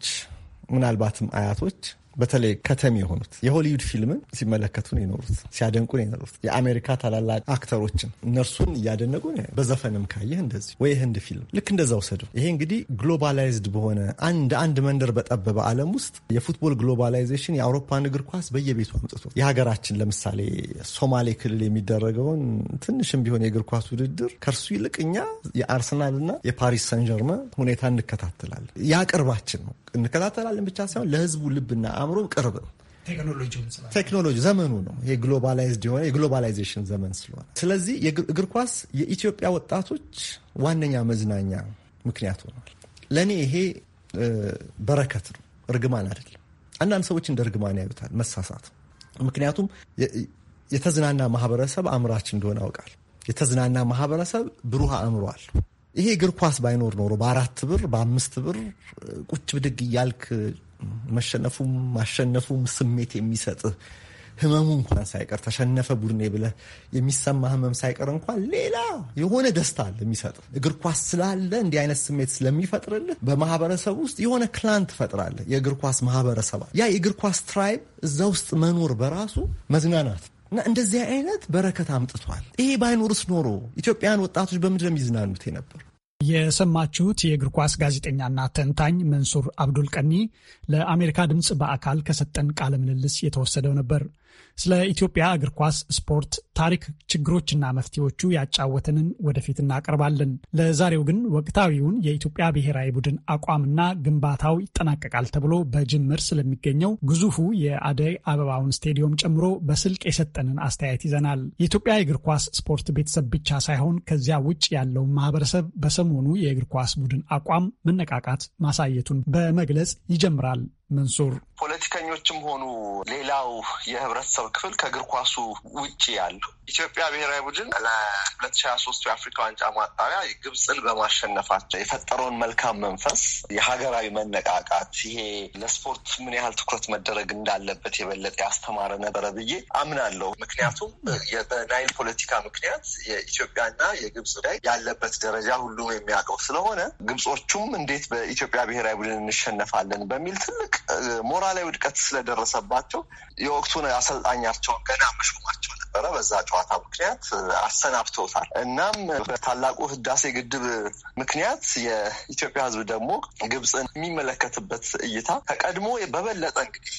ምናልባትም አያቶች በተለይ ከተም የሆኑት የሆሊውድ ፊልምን ሲመለከቱ ነው የኖሩት፣ ሲያደንቁ ነው የኖሩት። የአሜሪካ ታላላቅ አክተሮችን እነርሱን እያደነቁ በዘፈንም ካየህ እንደዚህ ወይ ህንድ ፊልም ልክ እንደዛ ውሰዱ። ይሄ እንግዲህ ግሎባላይዝድ በሆነ አንድ አንድ መንደር በጠበበ ዓለም ውስጥ የፉትቦል ግሎባላይዜሽን የአውሮፓን እግር ኳስ በየቤቱ አምጥቶ የሀገራችን ለምሳሌ ሶማሌ ክልል የሚደረገውን ትንሽም ቢሆን የእግር ኳስ ውድድር ከእርሱ ይልቅ እኛ የአርሰናልና የፓሪስ ሰንጀርመን ሁኔታ እንከታተላለን። ያቅርባችን ነው። እንከታተላለን ብቻ ሳይሆን ለህዝቡ ልብና አእምሮ ቅርብ ነው። ቴክኖሎጂ ዘመኑ ነው። ይሄ ግሎባላይዝድ የሆነ የግሎባላይዜሽን ዘመን ስለሆነ ስለዚህ እግር ኳስ የኢትዮጵያ ወጣቶች ዋነኛ መዝናኛ ምክንያት ሆኗል። ለእኔ ይሄ በረከት ነው፣ እርግማን አይደለም። አንዳንድ ሰዎች እንደ እርግማን ያዩታል፣ መሳሳት። ምክንያቱም የተዝናና ማህበረሰብ አምራች እንደሆነ ያውቃል። የተዝናና ማህበረሰብ ብሩህ አእምሮ አለው። ይሄ እግር ኳስ ባይኖር ኖሮ በአራት ብር በአምስት ብር ቁጭ ብድግ እያልክ መሸነፉም ማሸነፉም ስሜት የሚሰጥህ ህመሙ እንኳን ሳይቀር ተሸነፈ ቡድኔ ብለህ የሚሰማ ህመም ሳይቀር እንኳን ሌላ የሆነ ደስታ አለ እግር ኳስ ስላለ እንዲህ አይነት ስሜት ስለሚፈጥርልህ በማህበረሰብ ውስጥ የሆነ ክላን ትፈጥራለህ። የእግር ኳስ ማህበረሰብ ያ የእግር ኳስ ትራይብ እዛ ውስጥ መኖር በራሱ መዝናናት እና እንደዚህ አይነት በረከት አምጥቷል። ይሄ ባይኖርስ ኖሮ ኢትዮጵያውያን ወጣቶች በምንድን ነው የሚዝናኑት የሰማችሁት የእግር ኳስ ጋዜጠኛና ተንታኝ መንሱር አብዱል ቀኒ ለአሜሪካ ድምፅ በአካል ከሰጠን ቃለ ምልልስ የተወሰደው ነበር። ስለ ኢትዮጵያ እግር ኳስ ስፖርት ታሪክ፣ ችግሮችና መፍትሄዎቹ ያጫወተንን ወደፊት እናቀርባለን። ለዛሬው ግን ወቅታዊውን የኢትዮጵያ ብሔራዊ ቡድን አቋምና ግንባታው ይጠናቀቃል ተብሎ በጅምር ስለሚገኘው ግዙፉ የአደይ አበባውን ስቴዲየም ጨምሮ በስልክ የሰጠንን አስተያየት ይዘናል። የኢትዮጵያ የእግር ኳስ ስፖርት ቤተሰብ ብቻ ሳይሆን ከዚያ ውጭ ያለውን ማህበረሰብ በሰሞኑ የእግር ኳስ ቡድን አቋም መነቃቃት ማሳየቱን በመግለጽ ይጀምራል። መንሱር ፖለቲከኞችም ሆኑ ሌላው የህብረተሰብ ክፍል ከእግር ኳሱ ውጭ ያሉ ኢትዮጵያ ብሔራዊ ቡድን ለሁለት ሺ ሀያ ሶስቱ የአፍሪካ ዋንጫ ማጣሪያ ግብፅን በማሸነፋቸው የፈጠረውን መልካም መንፈስ፣ የሀገራዊ መነቃቃት ይሄ ለስፖርት ምን ያህል ትኩረት መደረግ እንዳለበት የበለጠ ያስተማረ ነበረ ብዬ አምናለሁ። ምክንያቱም በናይል ፖለቲካ ምክንያት የኢትዮጵያና የግብፅ ላይ ያለበት ደረጃ ሁሉም የሚያውቀው ስለሆነ ግብጾቹም እንዴት በኢትዮጵያ ብሔራዊ ቡድን እንሸነፋለን በሚል ትልቅ ሞራላዊ ውድቀት ስለደረሰባቸው የወቅቱን ዳኛቸውን ገና መሾማቸው ነበረ። በዛ ጨዋታ ምክንያት አሰናብተውታል። እናም በታላቁ ህዳሴ ግድብ ምክንያት የኢትዮጵያ ህዝብ ደግሞ ግብፅን የሚመለከትበት እይታ ከቀድሞ በበለጠ እንግዲህ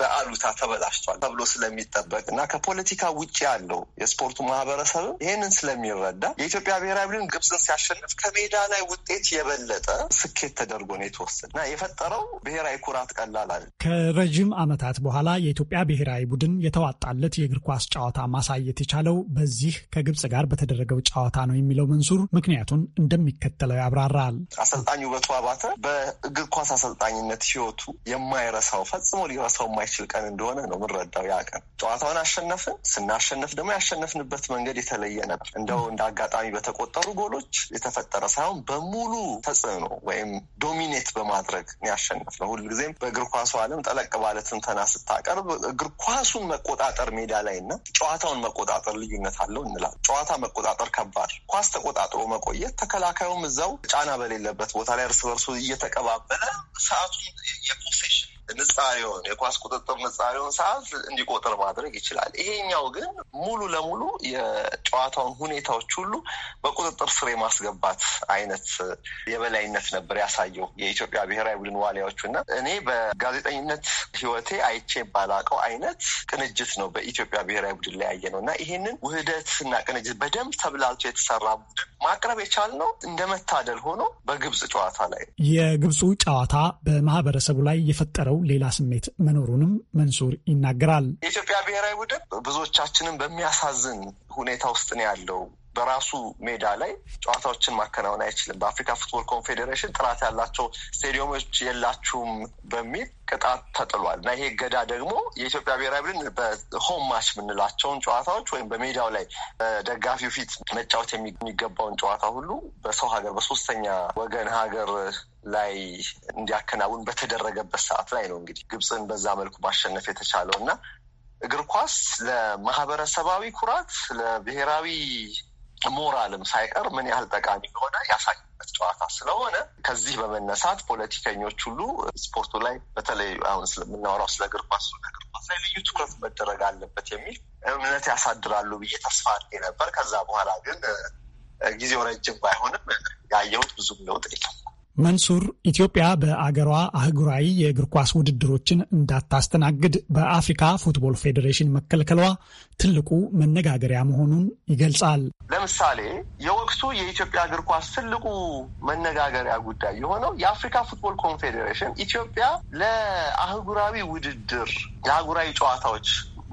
በአሉታ ተበላሽቷል ተብሎ ስለሚጠበቅ እና ከፖለቲካ ውጭ ያለው የስፖርቱ ማህበረሰብ ይህንን ስለሚረዳ የኢትዮጵያ ብሔራዊ ቡድን ግብፅን ሲያሸንፍ ከሜዳ ላይ ውጤት የበለጠ ስኬት ተደርጎ ነው የተወሰደ እና የፈጠረው ብሔራዊ ኩራት ቀላል አለ። ከረዥም ዓመታት በኋላ የኢትዮጵያ ብሔራዊ ቡድን የተዋጣለት የእግር ኳስ ጨዋታ ማሳየት የቻለው በዚህ ከግብፅ ጋር በተደረገው ጨዋታ ነው የሚለው መንሱር ምክንያቱን እንደሚከተለው ያብራራል። አሰልጣኝ ውበቱ አባተ በእግር ኳስ አሰልጣኝነት ህይወቱ የማይረሳው ፈጽሞ ሊረሳው የማይችል ቀን እንደሆነ ነው የምንረዳው። ያ ቀን ጨዋታውን አሸነፍን። ስናሸነፍ ደግሞ ያሸነፍንበት መንገድ የተለየ ነበር። እንደው እንደ አጋጣሚ በተቆጠሩ ጎሎች የተፈጠረ ሳይሆን በሙሉ ተጽዕኖ ወይም ዶሚኔት በማድረግ ያሸነፍነው። ሁልጊዜም በእግር ኳሱ ዓለም ጠለቅ ባለ ትንተና ስታቀርብ እግር ኳሱን መቆጣጠር ሜዳ ላይ እና ጨዋታውን መቆጣጠር ልዩነት አለው እንላል። ጨዋታ መቆጣጠር ከባድ፣ ኳስ ተቆጣጥሮ መቆየት ተከላካዩም እዛው ጫና በሌለበት ቦታ ላይ እርስ በርሱ እየተቀባበለ ሰዓቱን የፖሴሽን ምጻሬውን የኳስ ቁጥጥር ምጻሬውን ሰዓት እንዲቆጥር ማድረግ ይችላል። ይሄኛው ግን ሙሉ ለሙሉ የጨዋታውን ሁኔታዎች ሁሉ በቁጥጥር ስር የማስገባት አይነት የበላይነት ነበር ያሳየው የኢትዮጵያ ብሔራዊ ቡድን ዋሊያዎቹ እና እኔ በጋዜጠኝነት ሕይወቴ አይቼ ባላቀው አይነት ቅንጅት ነው በኢትዮጵያ ብሔራዊ ቡድን ላይ ያየ ነው እና ይህንን ውህደት እና ቅንጅት በደንብ ተብላልቶ የተሰራ ቡድን ማቅረብ የቻልነው እንደ መታደል ሆኖ በግብፅ ጨዋታ ላይ የግብፁ ጨዋታ በማህበረሰቡ ላይ የፈጠረው የፈጠረው ሌላ ስሜት መኖሩንም መንሱር ይናገራል። የኢትዮጵያ ብሔራዊ ቡድን ብዙዎቻችንን በሚያሳዝን ሁኔታ ውስጥ ነው ያለው። በራሱ ሜዳ ላይ ጨዋታዎችን ማከናወን አይችልም። በአፍሪካ ፉትቦል ኮንፌዴሬሽን ጥራት ያላቸው ስቴዲየሞች የላችሁም በሚል ቅጣት ተጥሏል እና ይሄ እገዳ ደግሞ የኢትዮጵያ ብሔራዊ ቡድን በሆም ማች የምንላቸውን ጨዋታዎች ወይም በሜዳው ላይ በደጋፊው ፊት መጫወት የሚገባውን ጨዋታ ሁሉ በሰው ሀገር በሶስተኛ ወገን ሀገር ላይ እንዲያከናውን በተደረገበት ሰዓት ላይ ነው እንግዲህ ግብፅን በዛ መልኩ ማሸነፍ የተቻለው እና እግር ኳስ ለማህበረሰባዊ ኩራት ለብሔራዊ ሞራልም ሳይቀር ምን ያህል ጠቃሚ የሆነ ያሳዩበት ጨዋታ ስለሆነ ከዚህ በመነሳት ፖለቲከኞች ሁሉ ስፖርቱ ላይ በተለይ አሁን ስለምናወራው ስለ እግር ኳስ እግር ኳስ ላይ ልዩ ትኩረት መደረግ አለበት የሚል እምነት ያሳድራሉ ብዬ ተስፋ ነበር። ከዛ በኋላ ግን ጊዜው ረጅም ባይሆንም ያየሁት ብዙም ለውጥ የለም። መንሱር ኢትዮጵያ በአገሯ አህጉራዊ የእግር ኳስ ውድድሮችን እንዳታስተናግድ በአፍሪካ ፉትቦል ፌዴሬሽን መከልከሏ ትልቁ መነጋገሪያ መሆኑን ይገልጻል። ለምሳሌ የወቅቱ የኢትዮጵያ እግር ኳስ ትልቁ መነጋገሪያ ጉዳይ የሆነው የአፍሪካ ፉትቦል ኮንፌዴሬሽን ኢትዮጵያ ለአህጉራዊ ውድድር ለአህጉራዊ ጨዋታዎች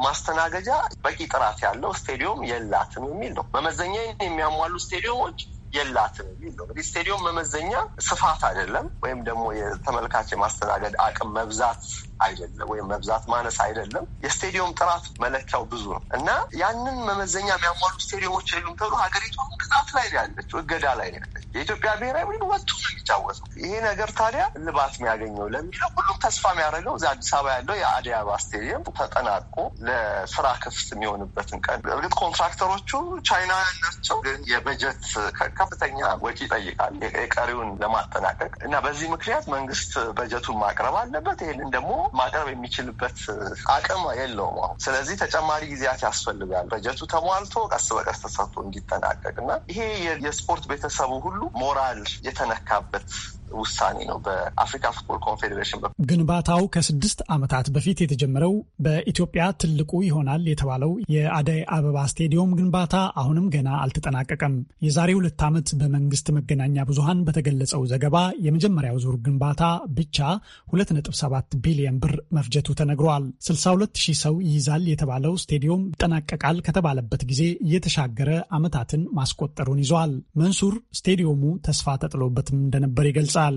ማስተናገጃ በቂ ጥራት ያለው ስቴዲየም የላትም የሚል ነው። መመዘኛን የሚያሟሉ ስቴዲየሞች የላትም የሚል ነው። እንግዲህ ስቴዲየም መመዘኛ ስፋት አይደለም፣ ወይም ደግሞ የተመልካች የማስተናገድ አቅም መብዛት አይደለም ወይም መብዛት ማነስ አይደለም። የስቴዲየም ጥራት መለኪያው ብዙ ነው እና ያንን መመዘኛ የሚያሟሉ ስቴዲየሞች የሉም ተብሎ ሀገሪቱ ቅጣት ላይ ነው ያለችው፣ እገዳ ላይ ያለች የኢትዮጵያ ብሔራዊ ቡድን ወጡ ነው የሚጫወተው። ይሄ ነገር ታዲያ ልባት የሚያገኘው ለሚለው ሁሉም ተስፋ የሚያደርገው እዚ አዲስ አበባ ያለው የአዲስ አበባ ስቴዲየም ተጠናቆ ለስራ ክፍት የሚሆንበትን ቀን። እርግጥ ኮንትራክተሮቹ ቻይናውያን ናቸው፣ ግን የበጀት ከፍተኛ ወጪ ይጠይቃል የቀሪውን ለማጠናቀቅ እና በዚህ ምክንያት መንግስት በጀቱን ማቅረብ አለበት። ይህንን ደግሞ ማቅረብ የሚችልበት አቅም የለውም አሁን። ስለዚህ ተጨማሪ ጊዜያት ያስፈልጋል። በጀቱ ተሟልቶ ቀስ በቀስ ተሰርቶ እንዲጠናቀቅ እና ይሄ የስፖርት ቤተሰቡ ሁሉ ሞራል የተነካበት ውሳኔ ነው። በአፍሪካ ፉትቦል ኮንፌዴሬሽን ግንባታው ከስድስት ዓመታት በፊት የተጀመረው በኢትዮጵያ ትልቁ ይሆናል የተባለው የአደይ አበባ ስቴዲየም ግንባታ አሁንም ገና አልተጠናቀቀም። የዛሬ ሁለት ዓመት በመንግስት መገናኛ ብዙሃን በተገለጸው ዘገባ የመጀመሪያው ዙር ግንባታ ብቻ 2.7 ቢሊዮን ብር መፍጀቱ ተነግሯል። 62 ሺህ ሰው ይይዛል የተባለው ስቴዲየም ይጠናቀቃል ከተባለበት ጊዜ እየተሻገረ ዓመታትን ማስቆጠሩን ይዟል። መንሱር ስቴዲየሙ ተስፋ ተጥሎበትም እንደነበር ይገልጻል። ይገልጻል።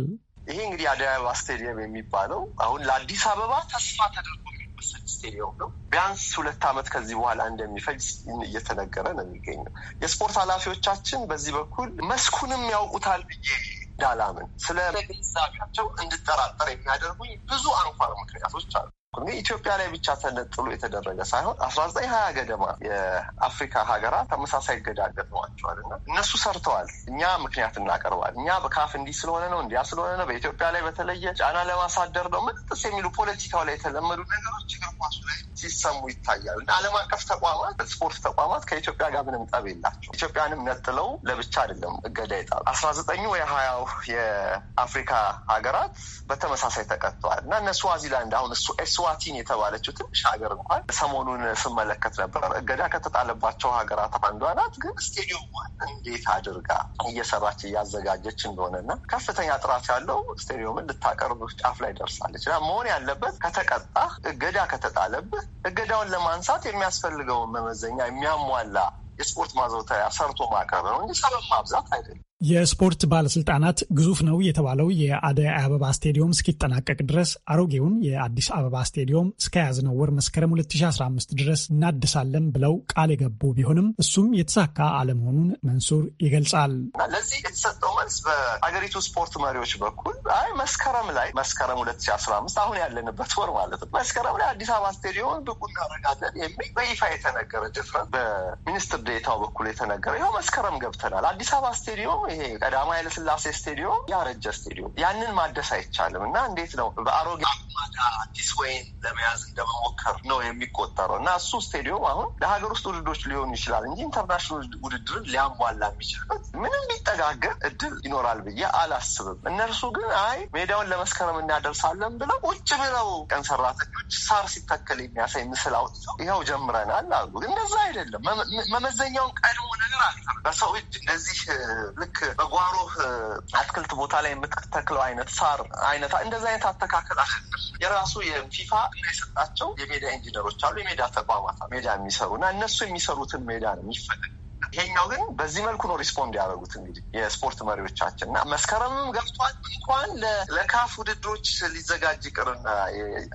ይሄ እንግዲህ አደባባ አበባ ስቴዲየም የሚባለው አሁን ለአዲስ አበባ ተስፋ ተደርጎ የሚወሰድ ስቴዲየም ነው። ቢያንስ ሁለት ዓመት ከዚህ በኋላ እንደሚፈጅ እየተነገረ ነው የሚገኘው። የስፖርት ኃላፊዎቻችን በዚህ በኩል መስኩንም ያውቁታል ብዬ እንዳላምን ስለ ግንዛቤያቸው እንድጠራጠር የሚያደርጉኝ ብዙ አንኳር ምክንያቶች አሉ። እንግዲህ ኢትዮጵያ ላይ ብቻ ተነጥሎ የተደረገ ሳይሆን አስራ ዘጠኝ ሀያ ገደማ የአፍሪካ ሀገራት ተመሳሳይ እገዳ ገጥሟቸዋል እና እነሱ ሰርተዋል። እኛ ምክንያት እናቀርባል። እኛ በካፍ እንዲህ ስለሆነ ነው እንዲያ ስለሆነ ነው በኢትዮጵያ ላይ በተለየ ጫና ለማሳደር ነው ምንጥስ የሚሉ ፖለቲካው ላይ የተለመዱ ነገሮች እግር ኳሱ ላይ ሲሰሙ ይታያሉ እና ዓለም አቀፍ ተቋማት ስፖርት ተቋማት ከኢትዮጵያ ጋር ምንም ጠብ የላቸው። ኢትዮጵያንም ነጥለው ለብቻ አይደለም እገዳ ይጣሉ። አስራ ዘጠኙ ሀያው የአፍሪካ ሀገራት በተመሳሳይ ተቀጥተዋል እና እነ ስዋዚላንድ አሁን እሱ ስዋቲን የተባለችው ትንሽ ሀገር እንኳን ሰሞኑን ስመለከት ነበር። እገዳ ከተጣለባቸው ሀገራት አንዷ ናት። ግን ስቴዲየሟን እንዴት አድርጋ እየሰራች እያዘጋጀች እንደሆነና ከፍተኛ ጥራት ያለው ስቴዲየምን ልታቀርብ ጫፍ ላይ ደርሳለች። መሆን ያለበት ከተቀጣ እገዳ ከተጣለብህ እገዳውን ለማንሳት የሚያስፈልገውን መመዘኛ የሚያሟላ የስፖርት ማዘውተሪያ ሰርቶ ማቅረብ ነው እንጂ ሰበብ ማብዛት አይደለም። የስፖርት ባለስልጣናት ግዙፍ ነው የተባለው የአደይ አበባ ስቴዲየም እስኪጠናቀቅ ድረስ አሮጌውን የአዲስ አበባ ስቴዲየም እስከ ያዝነው ወር መስከረም 2015 ድረስ እናድሳለን ብለው ቃል የገቡ ቢሆንም እሱም የተሳካ አለመሆኑን መንሱር ይገልጻል። ለዚህ የተሰጠው መልስ በአገሪቱ ስፖርት መሪዎች በኩል አይ መስከረም ላይ መስከረም 2015 አሁን ያለንበት ወር ማለት ነው መስከረም ላይ አዲስ አበባ ስቴዲየም ብቁ እናደርጋለን የሚል በይፋ የተነገረ ድፍረት በሚኒስትር ዴታው በኩል የተነገረ ይኸው መስከረም ገብተናል አዲስ አበባ ስቴዲየም ይሄ ቀዳማዊ ኃይለስላሴ ስቴዲዮ ያረጀ ስቴዲዮ ያንን ማደስ አይቻልም እና እንዴት ነው በአሮጌ አማዳ አዲስ ወይን ለመያዝ እንደመሞከር ነው የሚቆጠረው እና እሱ ስቴዲዮም አሁን ለሀገር ውስጥ ውድድሮች ሊሆኑ ይችላል እንጂ ኢንተርናሽናል ውድድርን ሊያሟላ የሚችልበት ምንም ሊጠጋገር እድል ይኖራል ብዬ አላስብም። እነርሱ ግን አይ ሜዳውን ለመስከረም እናደርሳለን ብለው ውጭ ብለው ቀን ሰራተኞች ሳር ሲተከል የሚያሳይ ምስል አውጥተው ይኸው ጀምረናል አሉ። እንደዛ አይደለም። መመዘኛውን ቀድሞ ነገር አለ በሰው እጅ እንደዚህ ልክ በጓሮ አትክልት ቦታ ላይ የምትተክለው አይነት ሳር አይነት እንደዚህ አይነት አተካከል አሸግር የራሱ የፊፋ የሰጣቸው የሜዳ ኢንጂነሮች አሉ። የሜዳ ተቋማት ሜዳ የሚሰሩ እና እነሱ የሚሰሩትን ሜዳ ነው የሚፈልግ ይሄኛው ግን በዚህ መልኩ ነው ሪስፖንድ ያደረጉት እንግዲህ የስፖርት መሪዎቻችን እና መስከረምም ገብቷል እንኳን ለካፍ ውድድሮች ሊዘጋጅ ይቅርና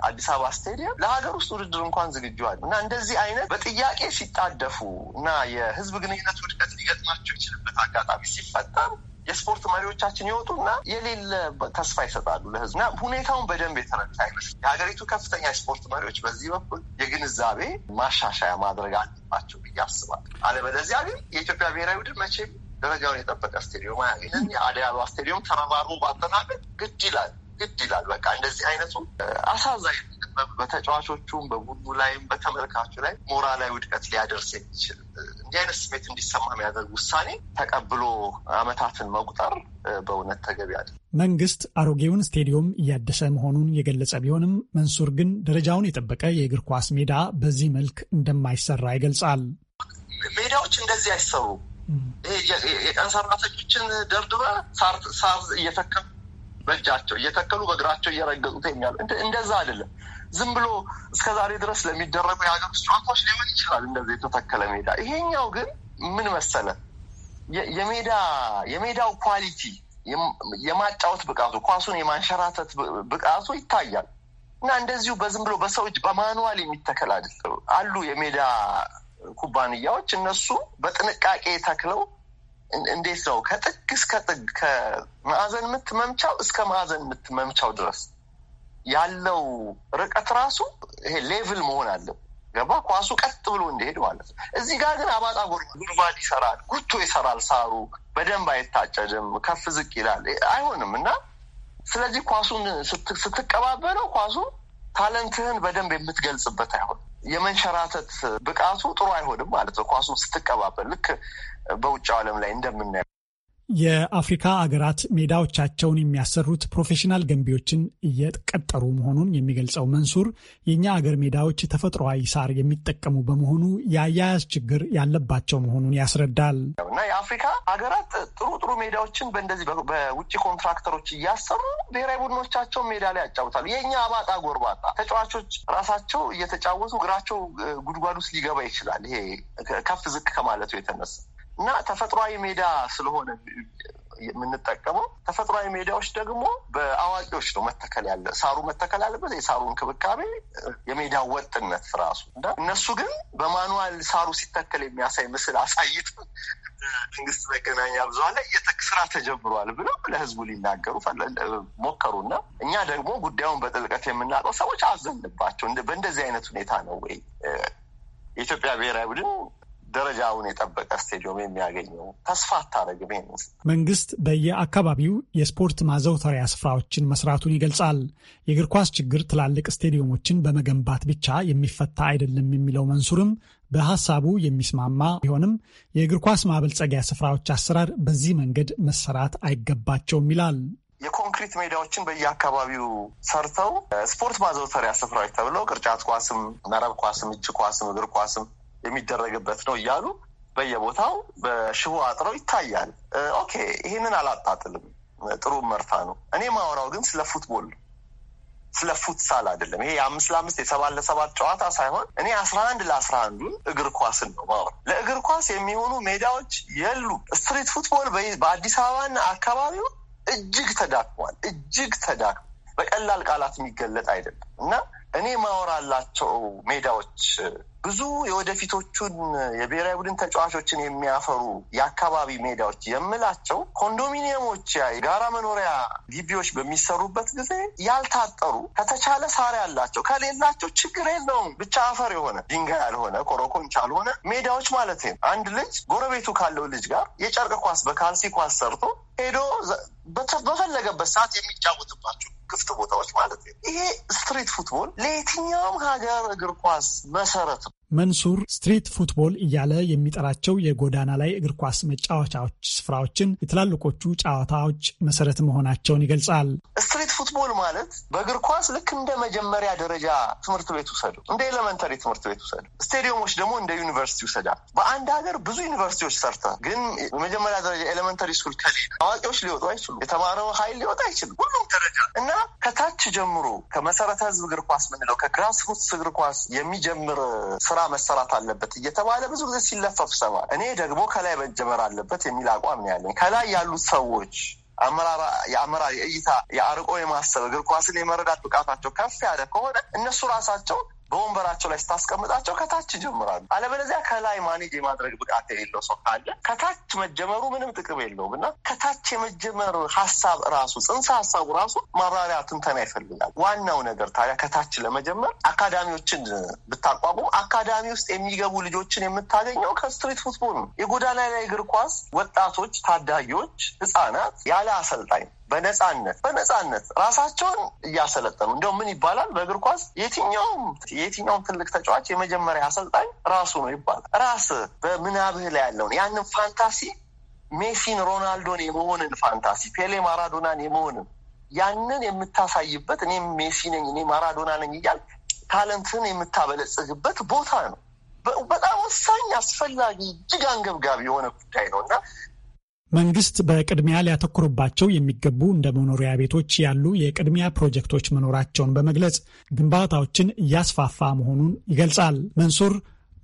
አዲስ አበባ ስቴዲየም ለሀገር ውስጥ ውድድር እንኳን ዝግጁ አለ እና እንደዚህ አይነት በጥያቄ ሲጣደፉ እና የህዝብ ግንኙነት ውድቀት ሊገጥማቸው ይችልበት አጋጣሚ ሲፈጠር የስፖርት መሪዎቻችን ይወጡና የሌለ ተስፋ ይሰጣሉ ለህዝብ እና ሁኔታውን በደንብ የተረዳ አይመስል የሀገሪቱ ከፍተኛ የስፖርት መሪዎች በዚህ በኩል የግንዛቤ ማሻሻያ ማድረግ አለባቸው ብዬ አስባለሁ። አለበለዚያ ግን የኢትዮጵያ ብሔራዊ ቡድን መቼም ደረጃውን የጠበቀ ስቴዲየም አያገኝም። አዲስ አበባ ስቴዲዮም ተረባርቦ ባጠናቀቅ ግድ ይላል ግድ ይላል። በቃ እንደዚህ አይነቱ አሳዛኝ በተጫዋቾቹም በቡድኑ ላይም በተመልካቹ ላይ ሞራላዊ ውድቀት ሊያደርስ የሚችል እንዲህ አይነት ስሜት እንዲሰማ የሚያደርግ ውሳኔ ተቀብሎ አመታትን መቁጠር በእውነት ተገቢ አለ። መንግስት አሮጌውን ስቴዲየም እያደሰ መሆኑን የገለጸ ቢሆንም መንሱር ግን ደረጃውን የጠበቀ የእግር ኳስ ሜዳ በዚህ መልክ እንደማይሰራ ይገልጻል። ሜዳዎች እንደዚህ አይሰሩ። የቀን ሰራተኞችን ደርድበ ሳር እየተከሉ በእጃቸው እየተከሉ በእግራቸው እየረገጡት የሚያሉ እንደዛ አይደለም። ዝም ብሎ እስከ ዛሬ ድረስ ለሚደረጉ የሀገር ውስጥ ጨዋታዎች ሊሆን ይችላል እንደዚህ የተተከለ ሜዳ። ይሄኛው ግን ምን መሰለ የሜዳ የሜዳው ኳሊቲ የማጫወት ብቃቱ ኳሱን የማንሸራተት ብቃቱ ይታያል እና እንደዚሁ በዝም ብሎ በሰው እጅ በማኑዋል የሚተከል አይደለም። አሉ የሜዳ ኩባንያዎች እነሱ በጥንቃቄ ተክለው እንዴት ነው ከጥግ እስከ ጥግ ከማዕዘን ምት መምቻው እስከ ማዕዘን ምት መምቻው ድረስ ያለው ርቀት ራሱ ይሄ ሌቭል መሆን አለው። ገባ ኳሱ ቀጥ ብሎ እንዲሄድ ማለት ነው። እዚህ ጋር ግን አባጣ ጉድጓድ ይሰራል፣ ጉቶ ይሰራል፣ ሳሩ በደንብ አይታጨድም፣ ከፍ ዝቅ ይላል፣ አይሆንም እና ስለዚህ ኳሱን ስትቀባበለው ኳሱ ታለንትህን በደንብ የምትገልጽበት አይሆን፣ የመንሸራተት ብቃቱ ጥሩ አይሆንም ማለት ነው። ኳሱን ስትቀባበል ልክ በውጭ ዓለም ላይ እንደምናየው የአፍሪካ አገራት ሜዳዎቻቸውን የሚያሰሩት ፕሮፌሽናል ገንቢዎችን እየቀጠሩ መሆኑን የሚገልጸው መንሱር የእኛ አገር ሜዳዎች ተፈጥሯዊ ሳር የሚጠቀሙ በመሆኑ የአያያዝ ችግር ያለባቸው መሆኑን ያስረዳል። እና የአፍሪካ ሀገራት ጥሩ ጥሩ ሜዳዎችን በእንደዚህ በውጭ ኮንትራክተሮች እያሰሩ ብሔራዊ ቡድኖቻቸውን ሜዳ ላይ ያጫውታሉ። የእኛ አባጣ ጎርባጣ ተጫዋቾች ራሳቸው እየተጫወቱ እግራቸው ጉድጓድ ውስጥ ሊገባ ይችላል። ይሄ ከፍ ዝቅ ከማለቱ የተነሳ እና ተፈጥሯዊ ሜዳ ስለሆነ የምንጠቀመው ተፈጥሯዊ ሜዳዎች ደግሞ በአዋቂዎች ነው መተከል ያለ ሳሩ መተከል አለበት። የሳሩ እንክብካቤ የሜዳ ወጥነት ራሱ እና እነሱ ግን በማኑዋል ሳሩ ሲተከል የሚያሳይ ምስል አሳይት መንግስት መገናኛ ብዙኃን ላይ ስራ ተጀምሯል ብለው ለህዝቡ ሊናገሩ እና እኛ ደግሞ ጉዳዩን በጥልቀት የምናውቀው ሰዎች አዘንባቸው በእንደዚህ አይነት ሁኔታ ነው ወይ የኢትዮጵያ ብሔራዊ ቡድን ደረጃውን የጠበቀ ስቴዲየም የሚያገኘው ተስፋ አታደርግም። መንግስት በየአካባቢው የስፖርት ማዘውተሪያ ስፍራዎችን መስራቱን ይገልጻል። የእግር ኳስ ችግር ትላልቅ ስቴዲየሞችን በመገንባት ብቻ የሚፈታ አይደለም የሚለው መንሱርም በሀሳቡ የሚስማማ ቢሆንም የእግር ኳስ ማበልጸጊያ ስፍራዎች አሰራር በዚህ መንገድ መሰራት አይገባቸውም ይላል። የኮንክሪት ሜዳዎችን በየአካባቢው ሰርተው ስፖርት ማዘውተሪያ ስፍራዎች ተብለው ቅርጫት ኳስም፣ መረብ ኳስም፣ እጅ ኳስም፣ እግር ኳስም የሚደረግበት ነው እያሉ በየቦታው በሽቦ አጥረው ይታያል። ኦኬ፣ ይህንን አላጣጥልም፣ ጥሩ መርታ ነው። እኔ ማወራው ግን ስለ ፉትቦል ስለ ፉትሳል አይደለም። ይሄ የአምስት ለአምስት የሰባት ለሰባት ጨዋታ ሳይሆን እኔ አስራ አንድ ለአስራ አንዱን እግር ኳስን ነው ማወራ። ለእግር ኳስ የሚሆኑ ሜዳዎች የሉ። ስትሪት ፉትቦል በአዲስ አበባና አካባቢው እጅግ ተዳክሟል። እጅግ ተዳክሟል። በቀላል ቃላት የሚገለጥ አይደለም እና እኔ ማወራላቸው ሜዳዎች ብዙ የወደፊቶቹን የብሔራዊ ቡድን ተጫዋቾችን የሚያፈሩ የአካባቢ ሜዳዎች የምላቸው ኮንዶሚኒየሞች፣ የጋራ መኖሪያ ግቢዎች በሚሰሩበት ጊዜ ያልታጠሩ ከተቻለ ሳር ያላቸው ከሌላቸው ችግር የለውም ብቻ አፈር የሆነ ድንጋይ ያልሆነ ኮረኮንች ያልሆነ ሜዳዎች ማለት ነው። አንድ ልጅ ጎረቤቱ ካለው ልጅ ጋር የጨርቅ ኳስ በካልሲ ኳስ ሰርቶ ሄዶ በፈለገበት ሰዓት የሚጫወትባቸው ክፍት ቦታዎች ማለት ነው። ይሄ ስትሪት ፉትቦል ለየትኛውም ሀገር እግር ኳስ መሰረት ነው። መንሱር ስትሪት ፉትቦል እያለ የሚጠራቸው የጎዳና ላይ እግር ኳስ መጫወቻዎች ስፍራዎችን የትላልቆቹ ጨዋታዎች መሰረት መሆናቸውን ይገልጻል። ስትሪት ፉትቦል ማለት በእግር ኳስ ልክ እንደ መጀመሪያ ደረጃ ትምህርት ቤት ውሰዱ፣ እንደ ኤሌመንተሪ ትምህርት ቤት ውሰዱ። ስቴዲየሞች ደግሞ እንደ ዩኒቨርሲቲ ውሰዳል። በአንድ ሀገር ብዙ ዩኒቨርሲቲዎች ሰርተ ግን የመጀመሪያ ደረጃ ኤሌመንተሪ ስኩል ከሌለ አዋቂዎች ሊወጡ አይችሉም። የተማረው ሀይል ሊወጣ አይችልም። ሁሉም ደረጃ እና ከታች ጀምሮ ከመሰረተ ህዝብ እግር ኳስ ምንለው ከግራስሩትስ እግር ኳስ የሚጀምር ስራ ስራ መሰራት አለበት እየተባለ ብዙ ጊዜ ሲለፈፍ ሰማ። እኔ ደግሞ ከላይ መጀመር አለበት የሚል አቋም ነው ያለኝ። ከላይ ያሉት ሰዎች የአመራር የእይታ የአርቆ የማሰብ እግር ኳስን የመረዳት ብቃታቸው ከፍ ያለ ከሆነ እነሱ ራሳቸው በወንበራቸው ላይ ስታስቀምጣቸው ከታች ይጀምራሉ። አለበለዚያ ከላይ ማኔጅ የማድረግ ብቃት የሌለው ሰው ካለ ከታች መጀመሩ ምንም ጥቅም የለውም እና ከታች የመጀመር ሀሳብ ራሱ ጽንሰ ሀሳቡ ራሱ ማብራሪያ ትንተና ይፈልጋል። ዋናው ነገር ታዲያ ከታች ለመጀመር አካዳሚዎችን ብታቋቁም አካዳሚ ውስጥ የሚገቡ ልጆችን የምታገኘው ከስትሪት ፉትቦል ነው። የጎዳና ላይ እግር ኳስ ወጣቶች፣ ታዳጊዎች፣ ህጻናት ያለ አሰልጣኝ በነፃነት በነፃነት ራሳቸውን እያሰለጠኑ እንደው ምን ይባላል በእግር ኳስ የትኛውም የትኛውም ትልቅ ተጫዋች የመጀመሪያ አሰልጣኝ ራሱ ነው ይባላል። ራስ በምናብህ ላይ ያለውን ያንን ፋንታሲ ሜሲን፣ ሮናልዶን የመሆንን ፋንታሲ ፔሌ፣ ማራዶናን የመሆንን ያንን የምታሳይበት እኔም ሜሲ ነኝ እኔ ማራዶና ነኝ እያል ታለንትን የምታበለጽግበት ቦታ ነው። በጣም ወሳኝ አስፈላጊ እጅግ አንገብጋቢ የሆነ ጉዳይ ነው እና መንግስት በቅድሚያ ሊያተኩርባቸው የሚገቡ እንደ መኖሪያ ቤቶች ያሉ የቅድሚያ ፕሮጀክቶች መኖራቸውን በመግለጽ ግንባታዎችን እያስፋፋ መሆኑን ይገልጻል። መንሱር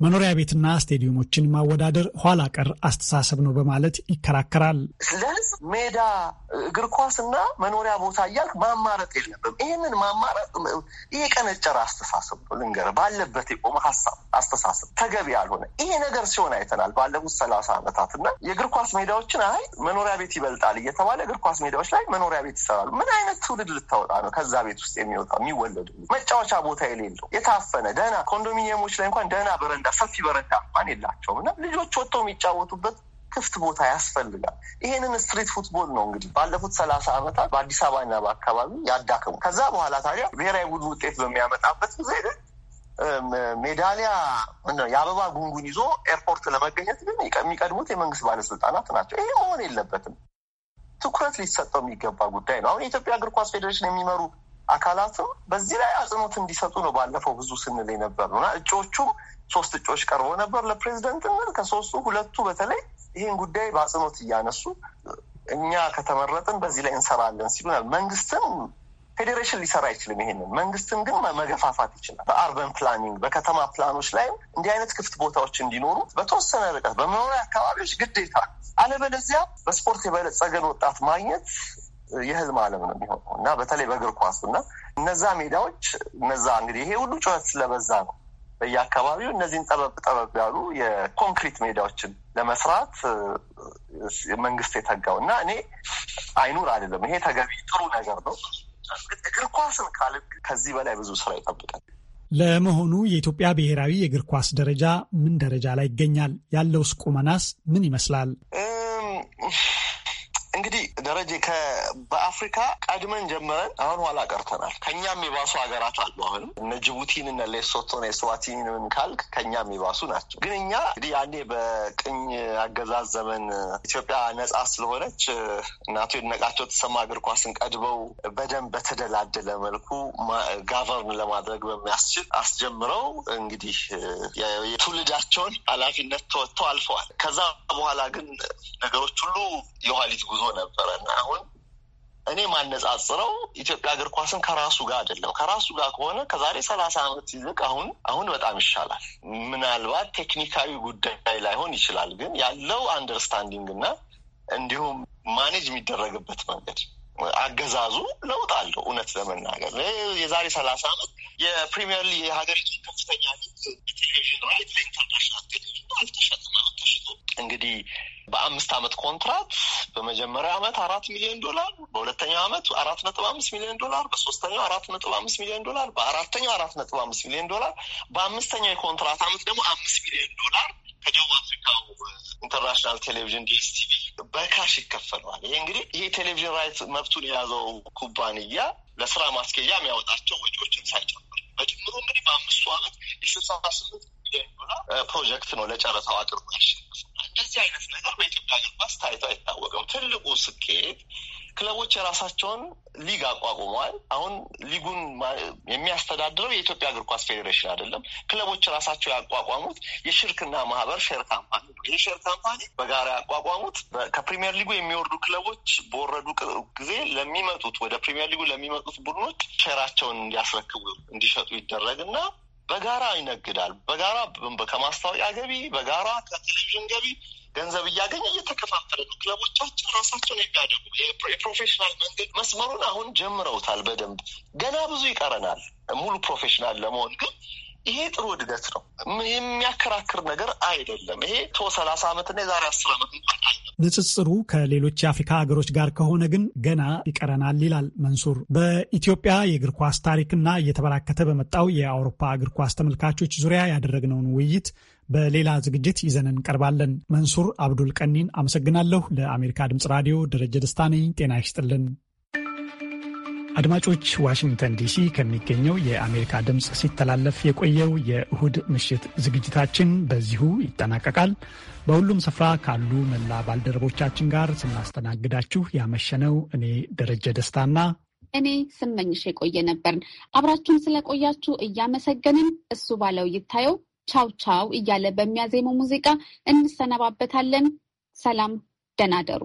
መኖሪያ ቤትና ስቴዲየሞችን ማወዳደር ኋላ ቀር አስተሳሰብ ነው በማለት ይከራከራል። ስለዚህ ሜዳ፣ እግር ኳስና መኖሪያ ቦታ እያልክ ማማረጥ የለብም። ይህንን ማማረጥ የቀነጨረ አስተሳሰብ ልንገር ባለበት የቆመ ሀሳብ አስተሳሰብ ተገቢ ያልሆነ ይሄ ነገር ሲሆን አይተናል ባለፉት ሰላሳ ዓመታት እና የእግር ኳስ ሜዳዎችን አይ መኖሪያ ቤት ይበልጣል እየተባለ እግር ኳስ ሜዳዎች ላይ መኖሪያ ቤት ይሰራሉ። ምን አይነት ትውልድ ልታወጣ ነው? ከዛ ቤት ውስጥ የሚወጣ የሚወለዱ መጫወቻ ቦታ የሌለው የታፈነ ደህና ኮንዶሚኒየሞች ላይ እንኳን ደህና በረንዳ በረንዳ፣ ሰፊ በረንዳ እንኳን የላቸውም እና ልጆች ወጥተው የሚጫወቱበት ክፍት ቦታ ያስፈልጋል። ይሄንን ስትሪት ፉትቦል ነው እንግዲህ ባለፉት ሰላሳ ዓመታት በአዲስ አበባና በአካባቢ ያዳከሙ። ከዛ በኋላ ታዲያ ብሔራዊ ቡድን ውጤት በሚያመጣበት ጊዜ ሜዳሊያ የአበባ ጉንጉን ይዞ ኤርፖርት ለመገኘት ግን የሚቀድሙት የመንግስት ባለስልጣናት ናቸው። ይሄ መሆን የለበትም። ትኩረት ሊሰጠው የሚገባ ጉዳይ ነው። አሁን የኢትዮጵያ እግር ኳስ ፌዴሬሽን የሚመሩ አካላትም በዚህ ላይ አጽንኦት እንዲሰጡ ነው ባለፈው ብዙ ስንል የነበር ነው እና እጩዎቹም ሶስት እጩዎች ቀርቦ ነበር ለፕሬዚደንትነት። ከሶስቱ ሁለቱ በተለይ ይህን ጉዳይ በአጽንኦት እያነሱ እኛ ከተመረጥን በዚህ ላይ እንሰራለን ሲሉ መንግስትን ፌዴሬሽን ሊሰራ አይችልም። ይሄንን መንግስትን ግን መገፋፋት ይችላል። በአርበን ፕላኒንግ በከተማ ፕላኖች ላይም እንዲህ አይነት ክፍት ቦታዎች እንዲኖሩ በተወሰነ ርቀት በመኖሪያ አካባቢዎች ግዴታ፣ አለበለዚያ በስፖርት የበለጸገን ወጣት ማግኘት የህልም አለም ነው የሚሆነው እና በተለይ በእግር ኳሱ እና እነዛ ሜዳዎች እነዛ እንግዲህ ይሄ ሁሉ ጩኸት ስለበዛ ነው በየአካባቢው እነዚህን ጠበብ ጠበብ ያሉ የኮንክሪት ሜዳዎችን ለመስራት መንግስት የተጋው እና እኔ አይኑር አይደለም። ይሄ ተገቢ ጥሩ ነገር ነው። እግር ኳስን ካል ከዚህ በላይ ብዙ ስራ ይጠብቃል። ለመሆኑ የኢትዮጵያ ብሔራዊ የእግር ኳስ ደረጃ ምን ደረጃ ላይ ይገኛል? ያለውስ ቁመናስ ምን ይመስላል? እንግዲህ ደረጀ በአፍሪካ ቀድመን ጀምረን አሁን ኋላ ቀርተናል። ከኛ የሚባሱ ሀገራት አሉ። አሁንም እነ ጅቡቲን እነ ሌሶቶን ኤስዋቲንን ካልክ ከኛ የሚባሱ ናቸው። ግን እኛ እንግዲህ ያኔ በቅኝ አገዛዝ ዘመን ኢትዮጵያ ነጻ ስለሆነች እና የድነቃቸው ተሰማ እግር ኳስን ቀድበው በደንብ በተደላደለ መልኩ ጋቨርን ለማድረግ በሚያስችል አስጀምረው እንግዲህ የትውልዳቸውን ኃላፊነት ተወጥተው አልፈዋል። ከዛ በኋላ ግን ነገሮች ሁሉ የኋሊት ጉዞ ነበረ እና አሁን እኔ ማነጻጽረው ኢትዮጵያ እግር ኳስን ከራሱ ጋር አይደለም። ከራሱ ጋር ከሆነ ከዛሬ ሰላሳ ዓመት ይልቅ አሁን አሁን በጣም ይሻላል። ምናልባት ቴክኒካዊ ጉዳይ ላይሆን ይችላል፣ ግን ያለው አንደርስታንዲንግ እና እንዲሁም ማኔጅ የሚደረግበት መንገድ አገዛዙ ለውጥ አለው። እውነት ለመናገር የዛሬ ሰላሳ ዓመት የፕሪሚየር ሊግ የሀገሪቱን ከፍተኛ ሊግ ቴሌቪዥን ራይት ለኢንተርናሽናል ቴሌቪዥን አልተሸጥም አሁን እንግዲህ በአምስት ዓመት ኮንትራት በመጀመሪያ ዓመት አራት ሚሊዮን ዶላር፣ በሁለተኛው ዓመት አራት ነጥብ አምስት ሚሊዮን ዶላር፣ በሶስተኛው አራት ነጥብ አምስት ሚሊዮን ዶላር፣ በአራተኛው አራት ነጥብ አምስት ሚሊዮን ዶላር፣ በአምስተኛው የኮንትራት ዓመት ደግሞ አምስት ሚሊዮን ዶላር ከደቡብ አፍሪካው ኢንተርናሽናል ቴሌቪዥን ዲኤስቲቪ በካሽ ይከፈለዋል። ይሄ እንግዲህ ይሄ ቴሌቪዥን ራይት መብቱን የያዘው ኩባንያ ለስራ ማስኬጃ የሚያወጣቸው ወጪዎችን ሳይጨምር በጭምሩ እንግዲህ በአምስቱ ዓመት የስልሳ ስምንት ፕሮጀክት ነው ለጨረታው አቅርቦ እንደዚህ አይነት ነገር በኢትዮጵያ እግር ኳስ ታይቶ አይታወቅም። ትልቁ ስኬት ክለቦች የራሳቸውን ሊግ አቋቁመዋል። አሁን ሊጉን የሚያስተዳድረው የኢትዮጵያ እግር ኳስ ፌዴሬሽን አይደለም። ክለቦች ራሳቸው ያቋቋሙት የሽርክና ማህበር ሼር ካምፓኒ ነው። ይህ ሼር ካምፓኒ በጋራ ያቋቋሙት ከፕሪሚየር ሊጉ የሚወርዱ ክለቦች በወረዱ ጊዜ ለሚመጡት ወደ ፕሪሚየር ሊጉ ለሚመጡት ቡድኖች ሼራቸውን እንዲያስረክቡ እንዲሸጡ ይደረግና በጋራ ይነግዳል። በጋራ ከማስታወቂያ ገቢ፣ በጋራ ከቴሌቪዥን ገቢ ገንዘብ እያገኘ እየተከፋፈለ ነው። ክለቦቻችን ራሳቸውን የሚያደጉ የፕሮፌሽናል መንገድ መስመሩን አሁን ጀምረውታል። በደንብ ገና ብዙ ይቀረናል ሙሉ ፕሮፌሽናል ለመሆን ግን ይሄ ጥሩ እድገት ነው። የሚያከራክር ነገር አይደለም። ይሄ ቶ ሰላሳ ዓመትና የዛሬ አስር ዓመት ንጽጽሩ ከሌሎች የአፍሪካ ሀገሮች ጋር ከሆነ ግን ገና ይቀረናል ይላል መንሱር። በኢትዮጵያ የእግር ኳስ ታሪክና እየተበራከተ በመጣው የአውሮፓ እግር ኳስ ተመልካቾች ዙሪያ ያደረግነውን ውይይት በሌላ ዝግጅት ይዘን እንቀርባለን። መንሱር አብዱል ቀኒን አመሰግናለሁ። ለአሜሪካ ድምፅ ራዲዮ ደረጀ ደስታ ነኝ። ጤና ይስጥልን። አድማጮች፣ ዋሽንግተን ዲሲ ከሚገኘው የአሜሪካ ድምፅ ሲተላለፍ የቆየው የእሁድ ምሽት ዝግጅታችን በዚሁ ይጠናቀቃል። በሁሉም ስፍራ ካሉ መላ ባልደረቦቻችን ጋር ስናስተናግዳችሁ ያመሸነው እኔ ደረጀ ደስታና እኔ ስመኝሽ የቆየ ነበርን። አብራችሁን ስለቆያችሁ እያመሰገንን እሱ ባለው ይታየው ቻው ቻው እያለ በሚያዜመው ሙዚቃ እንሰነባበታለን። ሰላም ደናደሩ።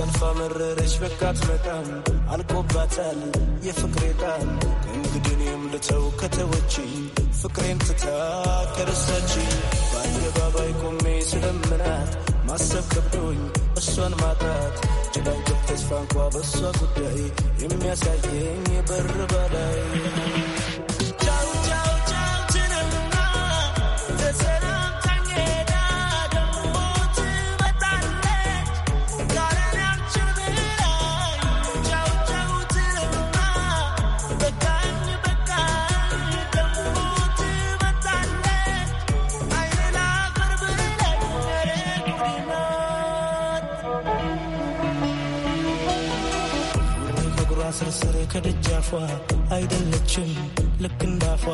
ሸንፋ መረረች በቃት መጣም አልቆባታል የፍቅሬ ጣም ከእንግዲኔም ልተው ከተወች ፍቅሬን ትታ ከረሳችኝ በአደባባይ ቆሜ ስለምናት ማሰብ ከብዶኝ እሷን ማጣት ጭላንቅብ ተስፋ እንኳ በእሷ ጉዳይ የሚያሳየኝ የበር ባላይ ከደጃፏ አይደለችም ልክ እንዳፏ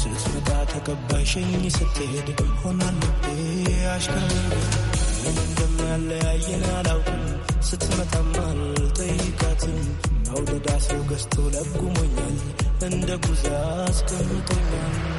ስትመጣ ተቀባይሽኝ ስትሄድ ሆናልቤ አሽከርብ ምን እንደሚያለያየን አላውቅም። ስትመጣም አልጠይቃትም አውደዳ ሰው ገዝቶ ለጉሞኛል እንደ ጉዛ አስቀምጦኛል